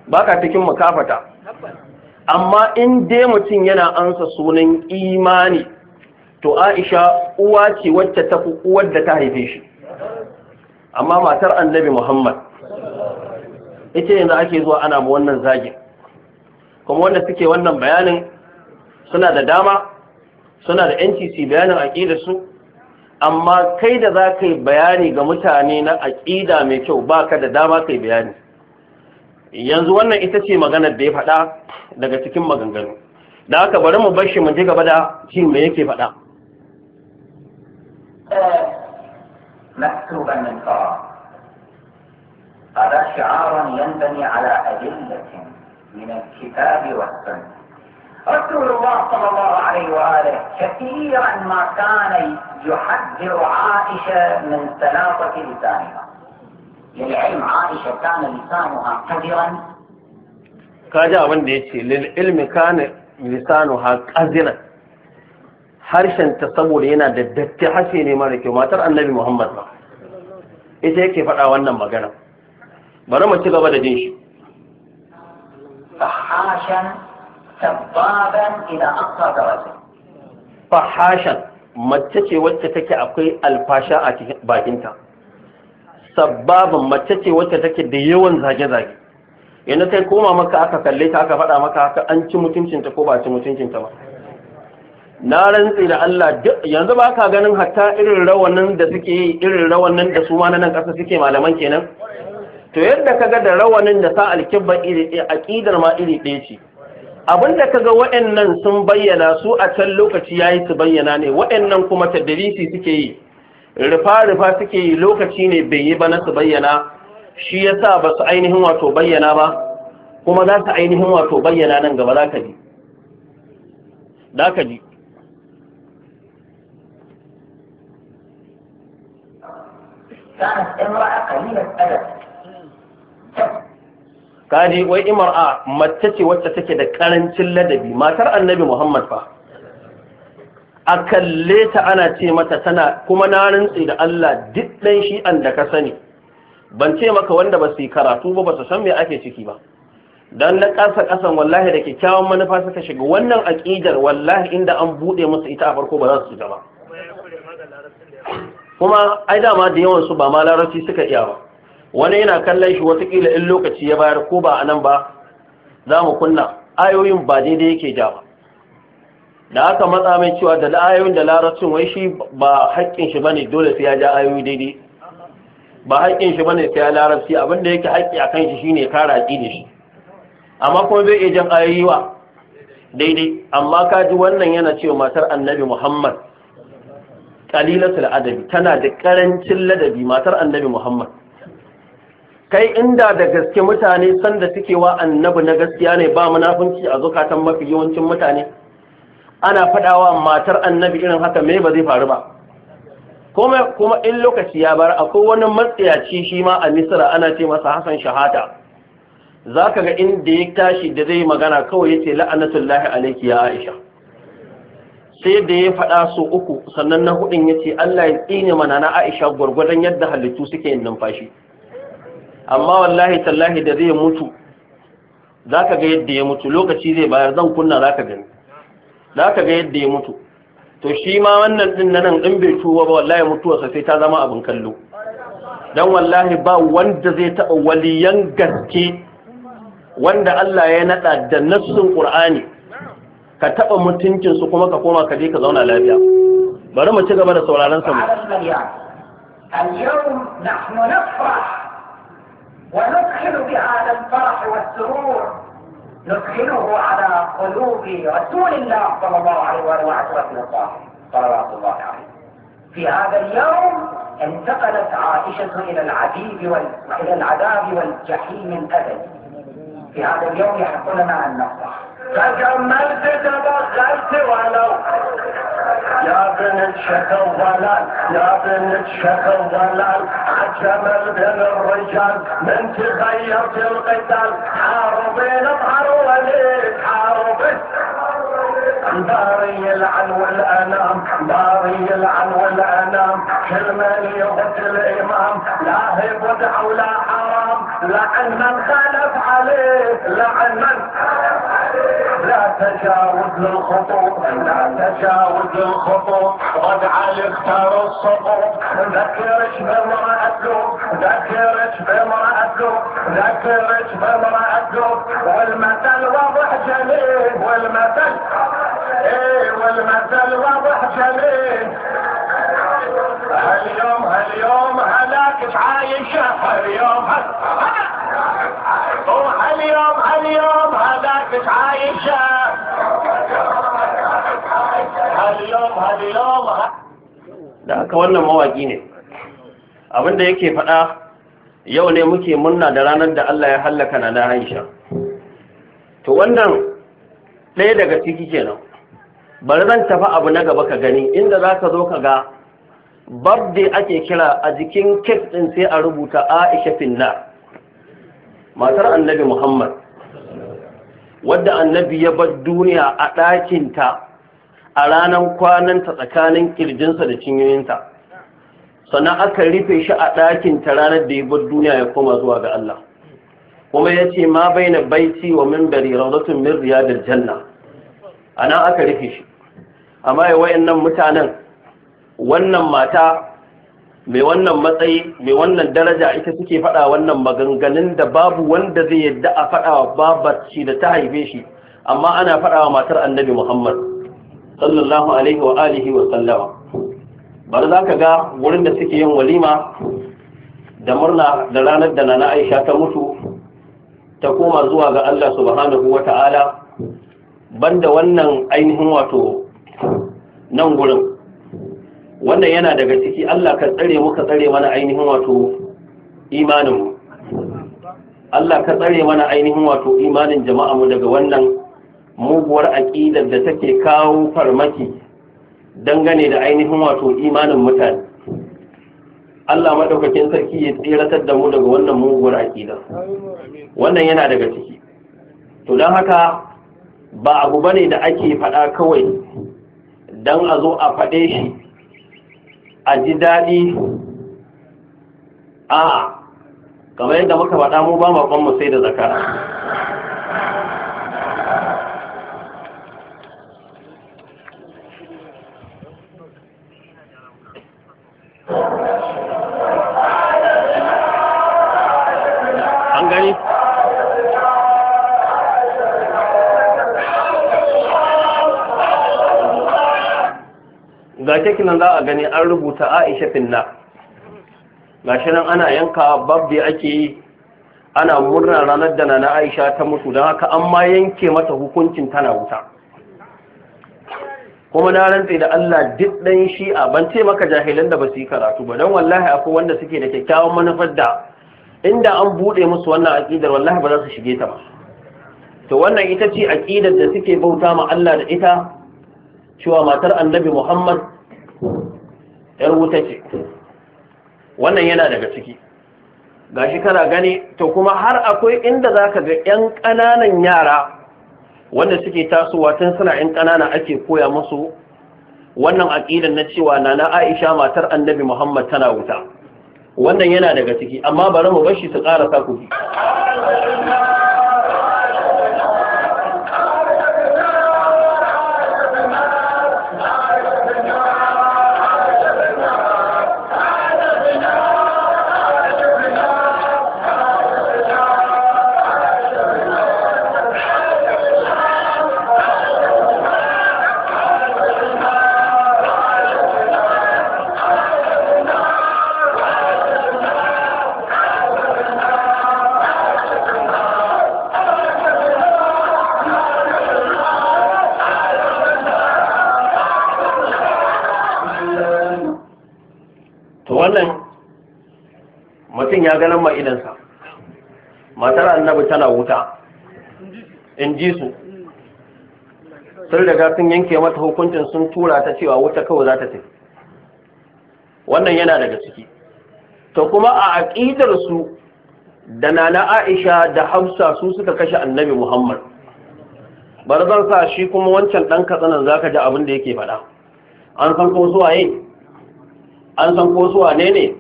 ba ka cikin makafata amma in dai mutum yana ansa sunan imani to aisha uwa ce wacce ta uwar da ta haife shi amma matar annabi muhammad ita yanzu ake zuwa ana ma wannan zagin kuma wanda suke wannan bayanin suna da dama suna da yanci su bayanin aƙida su amma kai da za ka yi bayani ga mutane na aƙida mai kyau ba ka da dama ka bayani yanzu wannan ita ce maganar da ya faɗa daga cikin maganganu da haka bari mu bar shi mu ji gaba da shi me yake faɗa eh, مكتوبا من فراغ هذا شعار ينبني على أدلة من الكتاب والسنة رسول الله صلى الله عليه وآله كثيرا ما كان يحذر عائشة من سلاطة لسانها للعلم عائشة كان لسانها قذرا كاجا وندي للعلم كان لسانها قذرا harshen ta saboda yana da datti harshe ne mara kyau matar annabi muhammad ba ita yake faɗa wannan magana bari mu ci gaba da jin shi fahashan tabbaban ila aqsa fahashan mace ce wacce take akwai alfasha a bakinta Sababin mace ce wacce take da yawan zage-zage yana kai koma maka aka kalle ta aka faɗa maka haka an ci mutuncinta ko ba ci mutuncinta ba na rantsi da Allah yanzu ba ka ganin hatta irin rawanin da suke yi irin rawanin da su ma na nan ƙasa suke malaman kenan to yadda ka ga da rawanin da sa alkibba iri ɗaya aƙidar ma iri ɗaya ce abinda da ka ga waɗannan sun bayyana su a can lokaci ya yi su bayyana ne wa'annan kuma tadrisi suke yi rufa-rufa suke yi lokaci ne bai yi ba na su bayyana shi ya sa ba su ainihin wato bayyana ba kuma za su ainihin wato bayyana nan gaba za ka ji كانت امرأة قليلة الأدب kaji wai imar'a mace ce wacce take da karancin ladabi matar annabi Muhammad fa a kalle ta ana ce mata tana kuma na rantsi da Allah duk ɗan shi'an da ka sani ban ce maka wanda ba su yi karatu ba ba su san me ake ciki ba dan na ƙasa ƙasan wallahi da kyakkyawan manufa suka shiga wannan aƙidar wallahi inda an buɗe musu ita a farko ba za su shiga ba kuma ai dama da yawan su ba ma larabci suka iya ba wani yana kallon shi watakila in lokaci ya bayar ko ba a nan ba za mu kunna ayoyin ba daidai yake ja ba da aka matsa mai cewa da ayoyin da larabcin wai shi ba haƙƙin shi bane dole sai ya ja ayoyi daidai ba haƙƙin shi bane sai ya larabci abin da yake haƙƙi a kan shi shine kara ne shi amma kuma bai iya jan ayoyi wa daidai amma ka ji wannan yana cewa matar annabi muhammad qalilatul adabi tana da karancin ladabi matar annabi Muhammad kai inda da gaske mutane sanda suke wa annabi na gaskiya ne ba munafunci a zukatan mafi yawancin mutane ana faɗawa matar annabi irin haka me ba zai faru ba kuma kuma in lokaci ya bar akwai wani matsayaci shi ma a Misra ana ce masa Hassan Shahata zaka ga inda ya tashi da zai magana kawai yace la'anatullahi alayki ya Aisha sai da ya faɗa so uku sannan na hudun ya ce Allah ya tsine mana na Aisha gwargwadon yadda halittu suke yin numfashi amma wallahi tallahi da zai mutu zaka ga yadda ya mutu lokaci zai bayar zan kunna zaka gani zaka ga yadda ya mutu to shi ma wannan na nan din bai tuwa ba wallahi mutuwa sa sai ta zama abin kallo dan wallahi ba wanda zai taɓa waliyan gaske wanda Allah ya naɗa da nassin Qur'ani ka mutuncin su kuma ka koma ka je ka zauna lafiya bari mu ci gaba da sauraron sa mu اليوم نحن نفرح وندخل بهذا الفرح والسرور ندخله على قلوب رسول الله صلى الله عليه وآله وسلم صلوات الله عليه في هذا اليوم انتقلت عائشة إلى العذاب العذاب والجحيم الأبدي في هذا اليوم يحق لنا أن نفرح تجملت تبخلت ولو يا بنت شك الضلال يا بنت شك الضلال عجمل بين الرجال من تغيرت القتال حاربين اظهر وليد حاربين داري يلعن والانام داري يلعن والانام كلمه يغت الامام لا هي ودع ولا حرام لعن من خالف عليه لعن من لا تجاوز الخطوط لا تجاوز الخطوط رجع اختار الصفوف ذكرش بامرأة ذوق ذكرك بامرأة ذوق بامرأة والمثل واضح جليل والمثل والمثل واضح جميل هاليوم هاليوم هلاك عايشة هاليوم وهاليوم هاليوم هلاك عايشة هاليوم هاليوم da haka wannan mawaƙi ne abinda yake faɗa yau ne muke murna da ranar da Allah ya hallaka na na Aisha to wannan ɗaya daga ciki kenan bari zan tafi abu na gaba ka gani inda za ka zo ka ga babde ake kira a jikin kek ɗin sai a rubuta aisha finna matar annabi muhammad wadda annabi ya bar duniya a ɗakinta a ranar kwananta tsakanin ƙirjinsa da cinyoyinta sannan aka rufe shi a ɗakinta ranar da ya bar duniya ya koma zuwa ga Allah kuma ya ce ma bai na baiti wa mimbari rauratun min riyadar janna a nan aka rufe shi amma ya wayannan mutanen wannan mata mai wannan matsayi mai wannan daraja ita suke faɗa wannan maganganun da babu wanda zai yadda a faɗa babar shi da ta haife shi amma ana faɗa matar annabi muhammad sallallahu alaihi wa alihi wa sallama bari za ka ga wurin da suke yin walima da murna da ranar da nana aisha ta mutu ta koma zuwa ga allah subhanahu wa ta'ala banda wannan ainihin wato nan gurin wannan yana daga ciki Allah ka tsare mu ka tsare mana ainihin wato imanin mu Allah ka tsare mana ainihin wato imanin jama'a mu daga wannan muguwar aqidar da take kawo farmaki dangane da ainihin wato imanin mutane Allah madaukakin sarki ya tseratar da mu daga wannan muguwar aqida wannan yana daga ciki to don haka ba abu bane da ake faɗa kawai Dan a zo a faɗe shi a ji daɗi a kamar yadda muka faɗa mu ba makonmu sai da zakara ga take nan za a gani an rubuta Aisha finna shi nan ana yanka babbi ake yi ana murna ranar da na Aisha ta mutu don haka an ma yanke mata hukuncin tana wuta kuma na rantse da Allah duk dan shi'a ban ce maka jahilan da ba yi karatu ba don wallahi akwai wanda suke da kyakkyawan manufar da inda an bude musu wannan aqidar wallahi ba za su shige ta ba to wannan ita ce aqidar da suke bauta ma Allah da ita cewa matar Annabi Muhammad yar wuta ce wannan yana daga ciki Ga shi kana gani to kuma har akwai inda za ka ga yan ƙananan yara wanda suke tasowa tun suna yan ƙanana ake koya musu wannan aƙidan na cewa na na Aisha matar Annabi Muhammad tana wuta wannan yana daga ciki amma bari mu bar shi su ƙara sa ganin idansa matar annabi tana wuta in ji su sun daga sun yanke mata hukuncin sun tura ta cewa wuta kawai za ta ce wannan yana daga ciki Ta kuma a aƙidar su da nana aisha da hamsa su suka kashe annabi muhammad Bar zan sa shi kuma wancan ɗan katsanan za ka ji abin da yake faɗa an san ko ne ne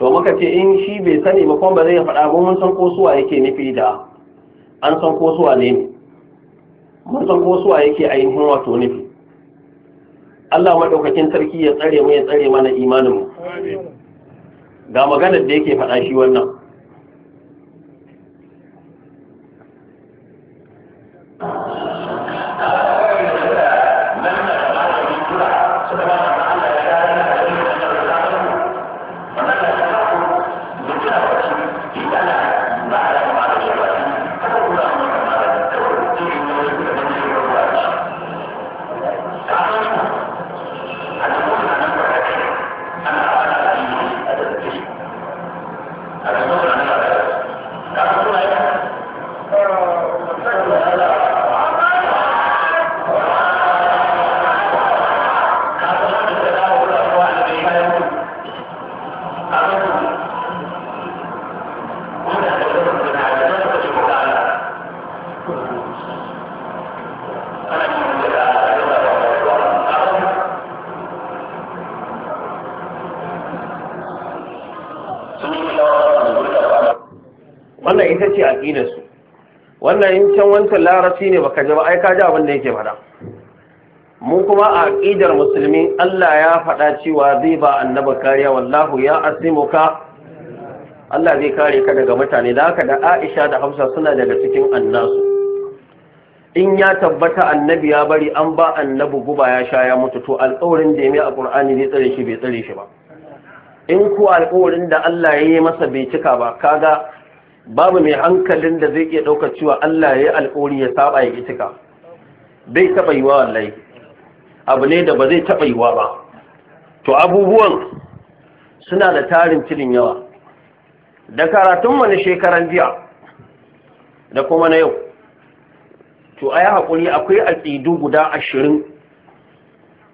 to muka ce in shi bai sani ba kuma ba zai faɗa ba mun san kosuwa yake nufi da an san kosuwa ne mun san kosuwa yake ainihin wato nufi Allah madaukakin sarki ya tsare mu ya tsare mana imanin mu ga maganar da yake faɗa shi wannan ita ce su. wannan in can wancan Larasi ne baka ji ba ai ka abin da yake faɗa mu kuma a aqidar musulmi Allah ya faɗa cewa zai ba annaba kariya wallahu ya asimuka Allah zai kare ka daga mutane da haka da Aisha da Hafsa suna daga cikin annasu in ya tabbata annabi ya bari an ba annabi guba ya sha ya mutu to alƙawarin da ya mai a Qur'ani zai tsare shi bai tsare shi ba in kuwa alƙawarin da Allah ya yi masa bai cika ba kaga babu mai hankalin da zai iya ɗaukar cewa Allah ya yi alƙawari ya saba ya cika bai taɓa yi wa wallahi abu ne da ba zai taɓa yi wa ba to abubuwan suna da tarin cilin yawa da karatun wani shekaran jiya da kuma na yau to a yi haƙuri akwai aƙidu guda ashirin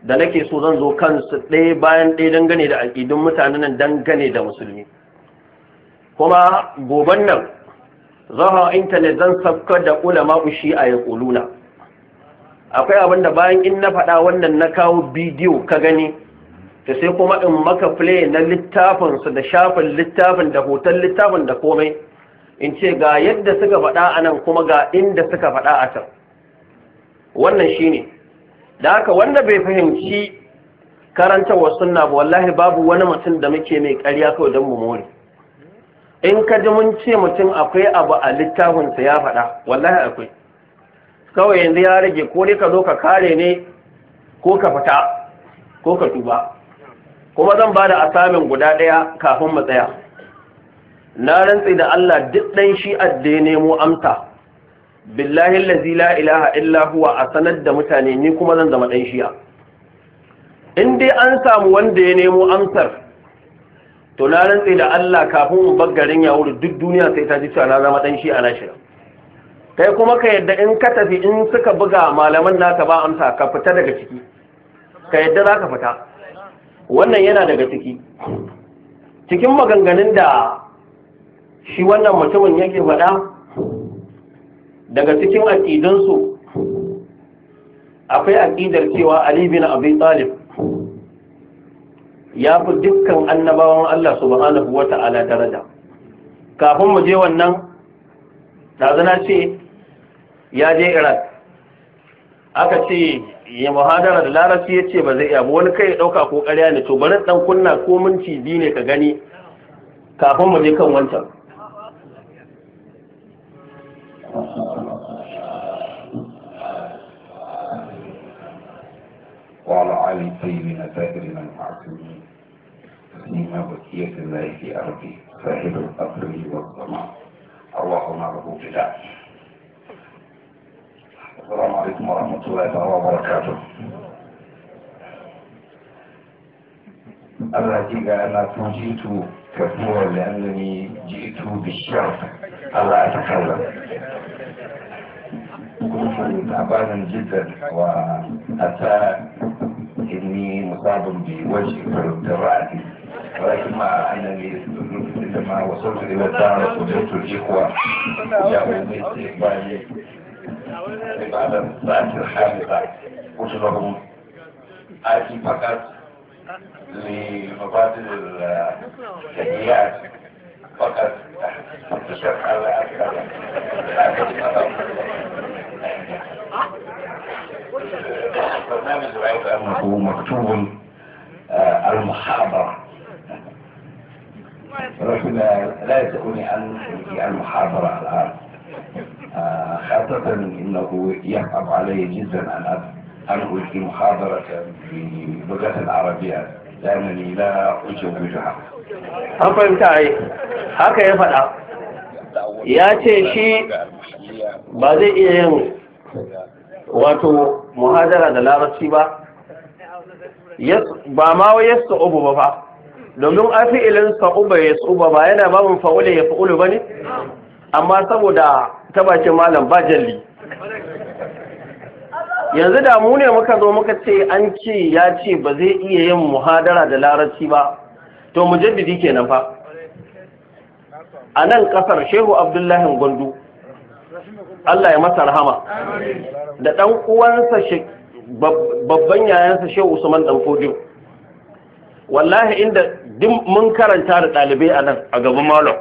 da nake so zan zo kansu ɗaya bayan ɗaya dangane da aƙidun mutanen nan dangane da musulmi kuma goban nan a intanet zan safkar da ulama ushi a ya ƙuluna akwai abinda bayan in na faɗa wannan na kawo bidiyo ka gani ta sai kuma in maka play na littafinsu da shafin littafin da hoton littafin da komai in ce ga yadda suka faɗa a nan kuma ga inda suka faɗa a can wannan shi ne da haka wanda bai fahimci karanta wasu na wallahi babu wani mutum da muke mai ƙarya kawai don mu more in ka ji mun ce mutum akwai abu a littafinsa ya faɗa wallahi akwai kawai yanzu ya rage ko dai ka zo ka kare ne ko ka fita ko ka tuba kuma zan ba da asamin guda ɗaya kafin mu tsaya na rantsi da Allah duk ɗan shi da ya nemo amsa billahi lazi la ilaha illa huwa a sanar da mutane ni kuma zan zama ɗan shi'a in dai an samu wanda ya nemo amsar to na rantse da Allah kafin in bar garin ya wuri duk duniya sai ta ji cewa na zama dan shi a nashi kai kuma ka yadda in ka tafi in suka buga malaman naka ba amsa ka fita daga ciki ka yadda za ka fita wannan yana daga ciki cikin maganganun da shi wannan mutumin yake faɗa daga cikin aƙidunsu akwai aƙidar cewa Ali bin Abi Talib ya fi dukkan annabawan Allah subhanahu wa ta'ala daraja kafin mu je wannan ɗazana ce ya je iraq aka ce ya muhadara da larasi ya ce ba zai iya wani kai ɗauka ko ƙarya ne to bari ɗan kunna ko minti bi ne ka gani kafin mu je kan wancan وعلى طيب الطيبين من المعصومين تسليما بقية الله في أرضه صاحب الأصل والزمان اللهم رب بلا السلام عليكم ورحمة الله وبركاته وبركاته الحقيقة أنا فوجئت كثيرا لأنني جئت بالشرف ألا أتكلم كنت تعبانا جدا وأتى إني مصاب بوجه الدراسة ولكن مع أنني عندما وصلت إلى الدار وجدت الإخوة جاءوا باستقبالي بعد الساعة الخامسة قلت لهم آتي فقط لمبادئ السيئات فقط تشرح على أكثر البرنامج رأيت أنه مكتوب آه، المحاضرة ربنا لا يسألني عن المحاضرة الآن آه، خاصة إنه يحب علي جدا أن أنقل في محاضرة في العربية لأنني لا أجوب جهة أنا فهم تعي هكا يفعل يا تشي بعضي إيهن واتو محاضرة دلارة سيبا يس ma wai yasta obu domin a fi'ilin sa'uba ya tsuba ba yana babin fa'ula ya fa'ulu ba ne amma saboda ta bakin malam ba jalli yanzu da mu ne muka zo muka ce an ce ya ce ba zai iya yin muhadara da larabci ba to mujaddidi kenan fa a nan kasar shehu abdullahi gundu Allah ya masa rahama da ɗan uwansa babban yayansa shehu usman ɗan fodiyo wallahi inda duk mun karanta da ɗalibai a nan a gaban malam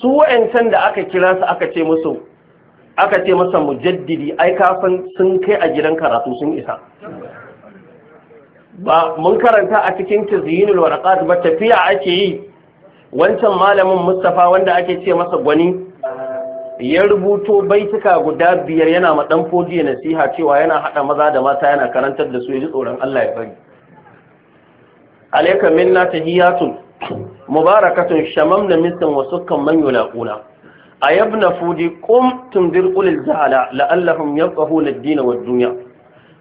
su wa'ancan da aka kira su aka ce musu aka ce masa mujaddidi ai kafin sun kai a gidan karatu sun isa ba mun karanta a cikin tazyinul warqat ba tafiya ake yi wancan malamin Mustafa wanda ake ce masa gwani ya rubuto baituka guda biyar yana ma dan nasiha cewa yana haɗa maza da mata yana karantar da su yaji tsoron Allah ya bari alaika minna ta tahiyatun mubarakatun shamam da mitin wasu kan manyo na a yabna fudi kum tundir ulil jahala la'allahum yabqahu lid-din wa ad-dunya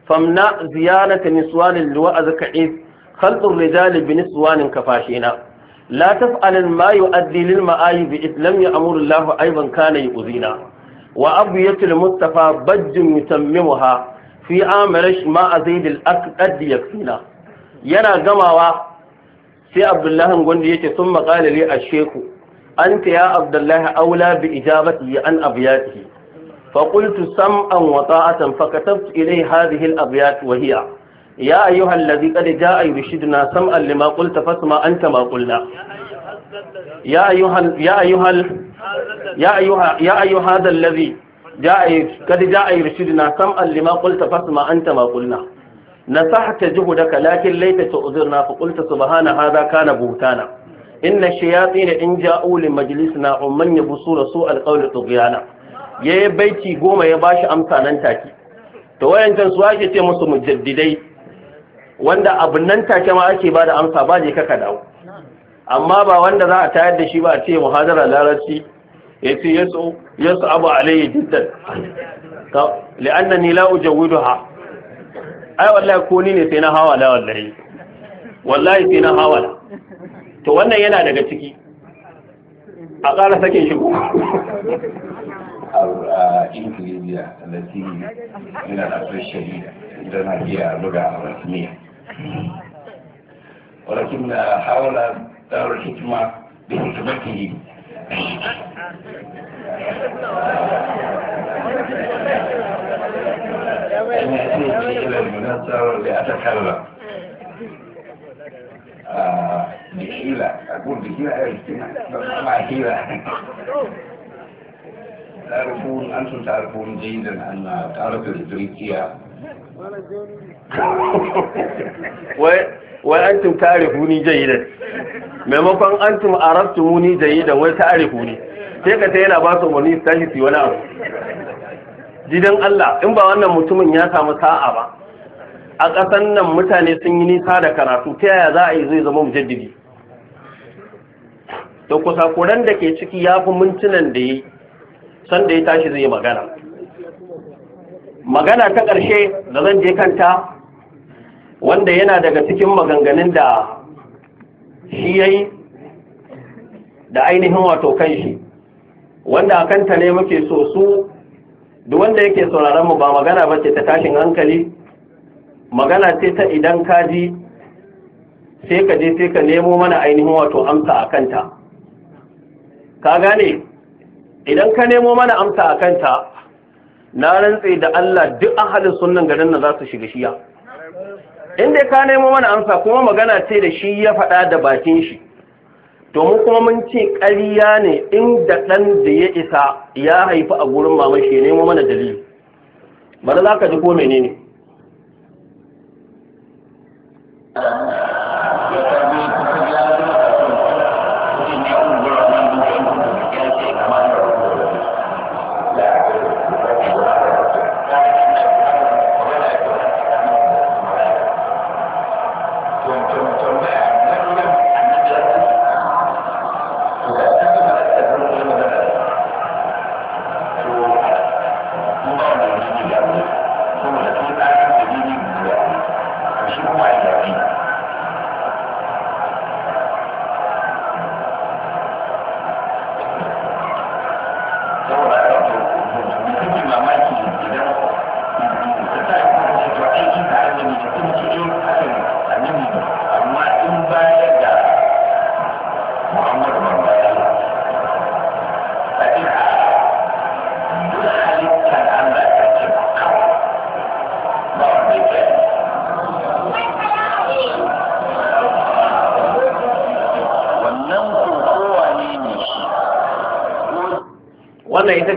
famna ziyarata niswan al-wa'z ka'id khalq ar-rijal bi niswan kafashina la taf'al ma yu'addi lil ma'ayib bi islam ya'mur Allah ayban kana yu'zina wa abiyatu al-mustafa bajjun yutammimuha fi amrish ma azid al-aqd yakfina yana gamawa sai abdullahi gwanda ya ce sun makalari a sheku an ta ya abdullahi aula bi ijabati ya an abiyati faƙultu sam an wata atan fakatab ilai hadihin abiyati wahiya ya ayyu hallazi kada ja ayu bishid na sam an lima kulta fasma an ta makulla ya ayyu hal ya ayyu hal ya ayyu na sam an lima kulta fasma an ta makulla nasahta juhudaka lakin laita tu'zirna fa qulta subhana hadha kana buhtana inna shayatin in ja'u li majlisina umman yabsura su'al qawli tughyana yayi baiti goma ya bashi amsa nan take to wayancan su ake ce musu mujaddidai wanda abun nan take ma ake bada amsa ba je kaka dawo amma ba wanda za a tayar da shi ba a ce muhadara larabci ya ce yasu abu alayhi jiddan la'annani la ai wallahi ko ni ne sai na hawala wallahi wallahi sai na hawala to wannan yana daga ciki a ƙara sakin shi Ingiliziya lati yana da tashari da na iya buga a Rasmiya. Walakin na hawala tsarar hikima da hikimar yi. إلى المنصر لأتكلم بحيلة أقول بحيلة اجتماع مع حيلة تعرفون أنتم تعرفون wai antum tarifuni jayyidan maimakon antum arabtumuni jayyidan wai sai ka ta yana ba su wani wani abu gidan Allah in ba wannan mutumin ya samu sa'a ba a ƙasan nan mutane sun yi nisa da karatu ta yaya za a yi zai zama mujaddidi da kusakuran da ke ciki ya fi mintunan da yi san da ya tashi zai magana magana ta ƙarshe da zan je kanta wanda yana daga cikin maganganun da shi ya yi da ainihin wato kan shi wanda a kanta ne muke so su duk wanda yake sauraron mu ba magana ba ce ta tashin hankali magana ce ta idan ka ji sai ka je sai ka nemo mana ainihin wato amsa a kanta ka gane idan ka nemo mana amsa a kanta na rantse da Allah duk ahalin sunnan garin nan za su shiga shiya inda ka nemo mana amsa kuma magana ce da shi ya faɗa da bakin shi to mu kuma mun ce ƙarya ne inda ɗan da ya isa ya haifi a gurin maman shi nemo mana dalili bari za ka ji ko menene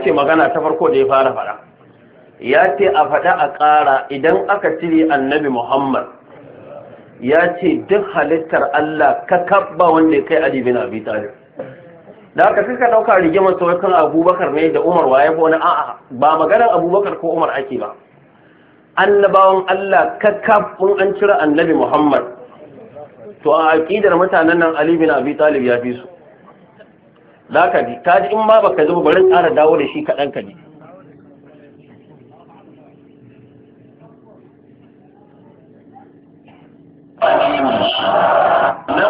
ce magana ta farko da ya fara faɗa ya ce a faɗa a ƙara idan aka cire annabi muhammad ya ce duk halittar allah ka ba wanda ya kai ali bin abi talib da aka suka ɗauka rigimar sau kan abubakar ne da umar waye ko wani a'a ba maganar abubakar ko umar ake ba annabawan allah ka in an cire annabi muhammad to a aƙidar mutanen nan ali bin abi talib ya fi su za ka ji ka ji in ma baka zo bari tsara dawo da shi kaɗan ka bi. na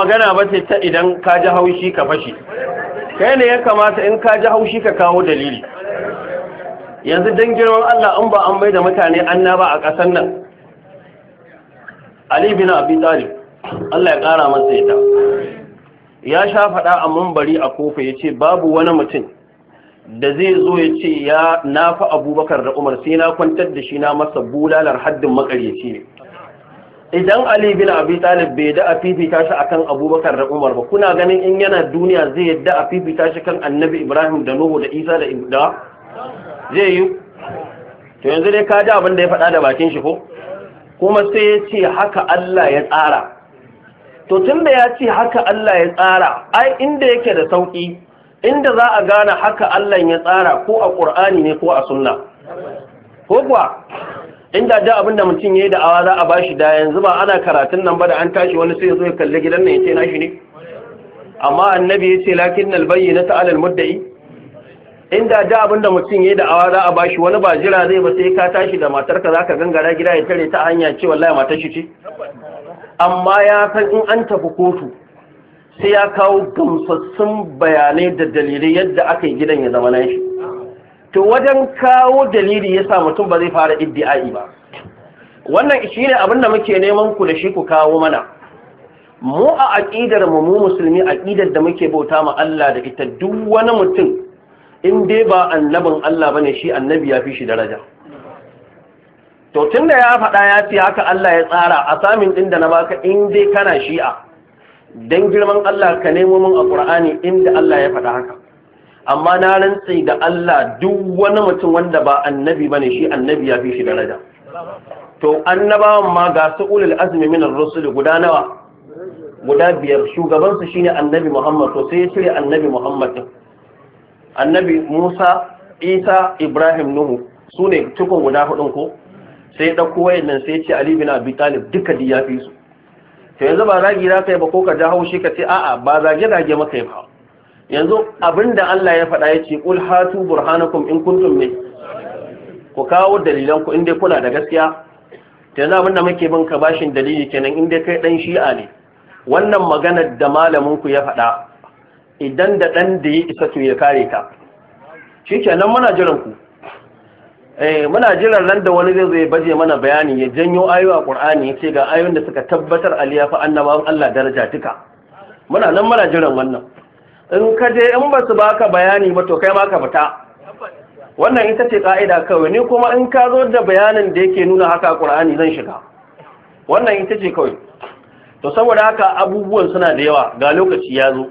magana ba ce ta idan ka ji haushi ka fashi kai ne ya kamata in ka ji haushi ka kawo dalili yanzu don girman Allah in ba an bai da mutane ba a ƙasar nan Ali bin Abi Talib Allah ya ƙara masa ita ya sha faɗa a mambari a kofa ya ce babu wani mutum da zai zo ya ce ya nafi abubakar da umar sai na kwantar da shi na masa bulalar haddin makaryaci ne idan Ali bin Abi Talib bai da a fifita shi akan Abubakar da Umar ba kuna ganin in yana duniya zai yadda a fifita shi kan Annabi Ibrahim da Nuhu da Isa da Ibda zai yi to yanzu dai ka ji abin da ya faɗa da bakin shi ko kuma sai ya ce haka Allah ya tsara to tunda ya ce haka Allah ya tsara ai inda yake da sauki inda za a gane haka Allah ya tsara ko a ƙur'ani ne ko a Sunna ko kuwa inda da abin da mutum ya yi da'awa za a bashi da yanzu ba ana karatun nan ba da an tashi wani sai ya zo kalli gidan nan ya ce nashi ne amma annabi ya ce lakin albayyi na ta'alal muddai inda da abin da mutum ya yi da'awa za a bashi wani ba jira zai ba sai ka tashi da matarka za ka gangara gida ya tare ta hanya ce wallahi matar shi ce amma ya san in an tafi kotu sai ya kawo gamsassun bayanai da dalilai yadda aka yi gidan ya zama nashi to wajen kawo dalili yasa mutum ba zai fara iddi'ai ba wannan shi ne abinda muke neman ku da shi ku kawo mana mu a aqidar mu mu musulmi aƙidar da muke bauta ma Allah da ita duk wani mutum in dai ba annabin Allah bane shi annabi ya fi shi daraja to tunda ya faɗa ya ce haka Allah ya tsara a samin din da na baka in dai kana shi'a dan girman Allah ka nemo min a Qur'ani inda Allah ya faɗa haka amma na rantse da Allah duk wani mutum wanda ba annabi bane shi annabi ya fi shi daraja to annabawan ma ga su ulul azmi min ar-rusul guda nawa guda biyar shugaban su shine annabi Muhammad to sai ya cire annabi Muhammad annabi Musa Isa Ibrahim Nuhu su ne tukun guda hudun ko sai ya dauko wayannan sai ya ce Ali bin Abi Talib duka da su to yanzu ba zagi za ka yi ba ko ka ja haushi ka ce a'a ba zage zage maka yi ba yanzu abinda Allah ya faɗa ya ce ƙul hatu burhanakum in kuntum mai ku kawo dalilanku, inda kuna da gaskiya ta yanzu abinda muke bin ka bashin dalili kenan inda kai ɗan shi'a ne wannan maganar da malaminku ya faɗa idan da ɗan da ya isa to ya kare ka shi kenan muna jiran ku eh muna jiran nan da wani zai zai baje mana bayani ya janyo ayoyi a Qur'ani ya ce ga ayoyin da suka tabbatar aliyafa annabawan Allah daraja tuka muna nan muna jiran wannan in ka je in ba su baka bayani ba to kai ma ka fita wannan ita ce ka'ida kawai ni kuma in ka zo da bayanin da yake nuna haka qur'ani zan shiga wannan ita ce kawai to saboda haka abubuwan suna da yawa ga lokaci ya zo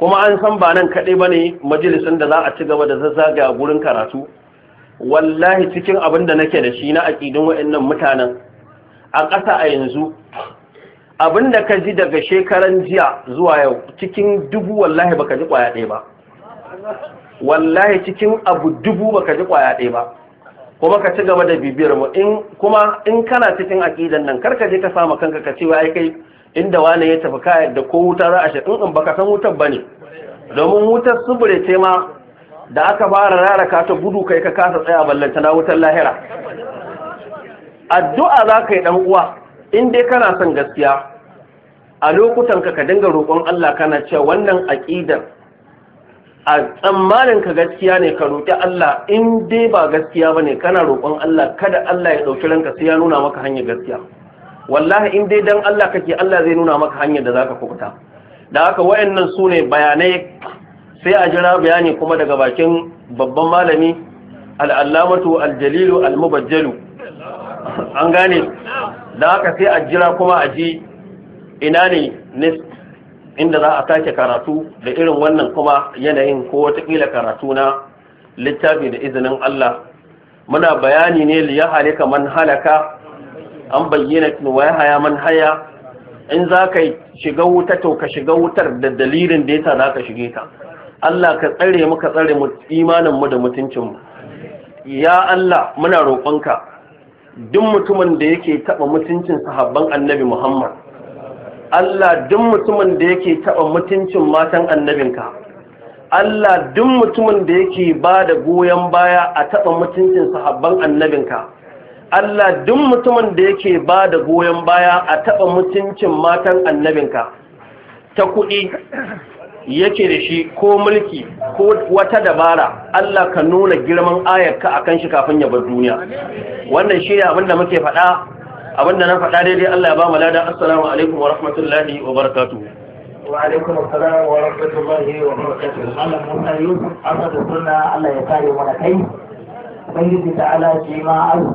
kuma an san ba nan kaɗai ba ne majalisun da za a ci gaba da zazzaga a gurin karatu wallahi cikin abin da nake da shi na aƙidin waɗannan mutanen a ƙasa a yanzu abin da ka ji daga shekaran jiya zuwa yau cikin dubu wallahi baka ji kwaya ɗaya ba wallahi cikin abu dubu baka ji kwaya ɗaya ba kuma ka ci gaba da bibiyar mu in kuma in kana cikin aqidan nan karka je ka samu kanka ka ce ai kai inda wani ya tafi ka da ko wuta za a shi in baka san wutar bane domin wutar subure ce ma da aka fara raraka ta gudu kai ka kasa tsaya ballanta na wutar lahira addu'a za ka yi dan uwa in dai kana son gaskiya a lokutan ka dinga roƙon Allah kana cewa wannan aqidar a tsammanin ka gaskiya ne ka roƙi Allah in dai ba gaskiya bane kana roƙon Allah kada Allah ya ɗauki ranka sai ya nuna maka hanyar gaskiya wallahi in dai dan Allah kake Allah zai nuna maka hanyar da zaka kubuta da haka wayannan sune bayanai sai a jira bayani kuma daga bakin babban malami al al'allamatu aljalilu almubajjalu an gane da haka sai a jira kuma a ji ina ne inda za a sake karatu da irin wannan kuma yanayin ko watakila karatu na littafi da izinin Allah muna bayani ne liya halika man halaka an bayyana wa ya haya man haya in za ka shiga wuta to ka shiga wutar da dalilin da yasa za ka shige ta Allah ka tsare mu ka tsare mu imanin mu da mutuncin mu ya Allah muna roƙonka duk mutumin da yake taɓa mutuncin sahabban annabi Muhammad Allah duk mutumin da yake taɓa mutuncin matan annabinka Allah duk mutumin da yake ba da goyon baya a taɓa mutuncin sahabban annabinka Allah duk mutumin da yake ba da goyon baya a taɓa mutuncin matan annabinka ta kuɗi yake da shi ko mulki ko wata dabara Allah ka nuna girman ayarka akan shi kafin ya bar duniya wannan shi ne da muke faɗa abin da na faɗa daidai Allah ya ba mu ladan assalamu alaikum wa rahmatullahi wa barakatuh wa alaikum assalam wa rahmatullahi wa barakatuh Allah mun ayyuka amma da sunna Allah ya kare mana kai ubangiji ta ala shi ma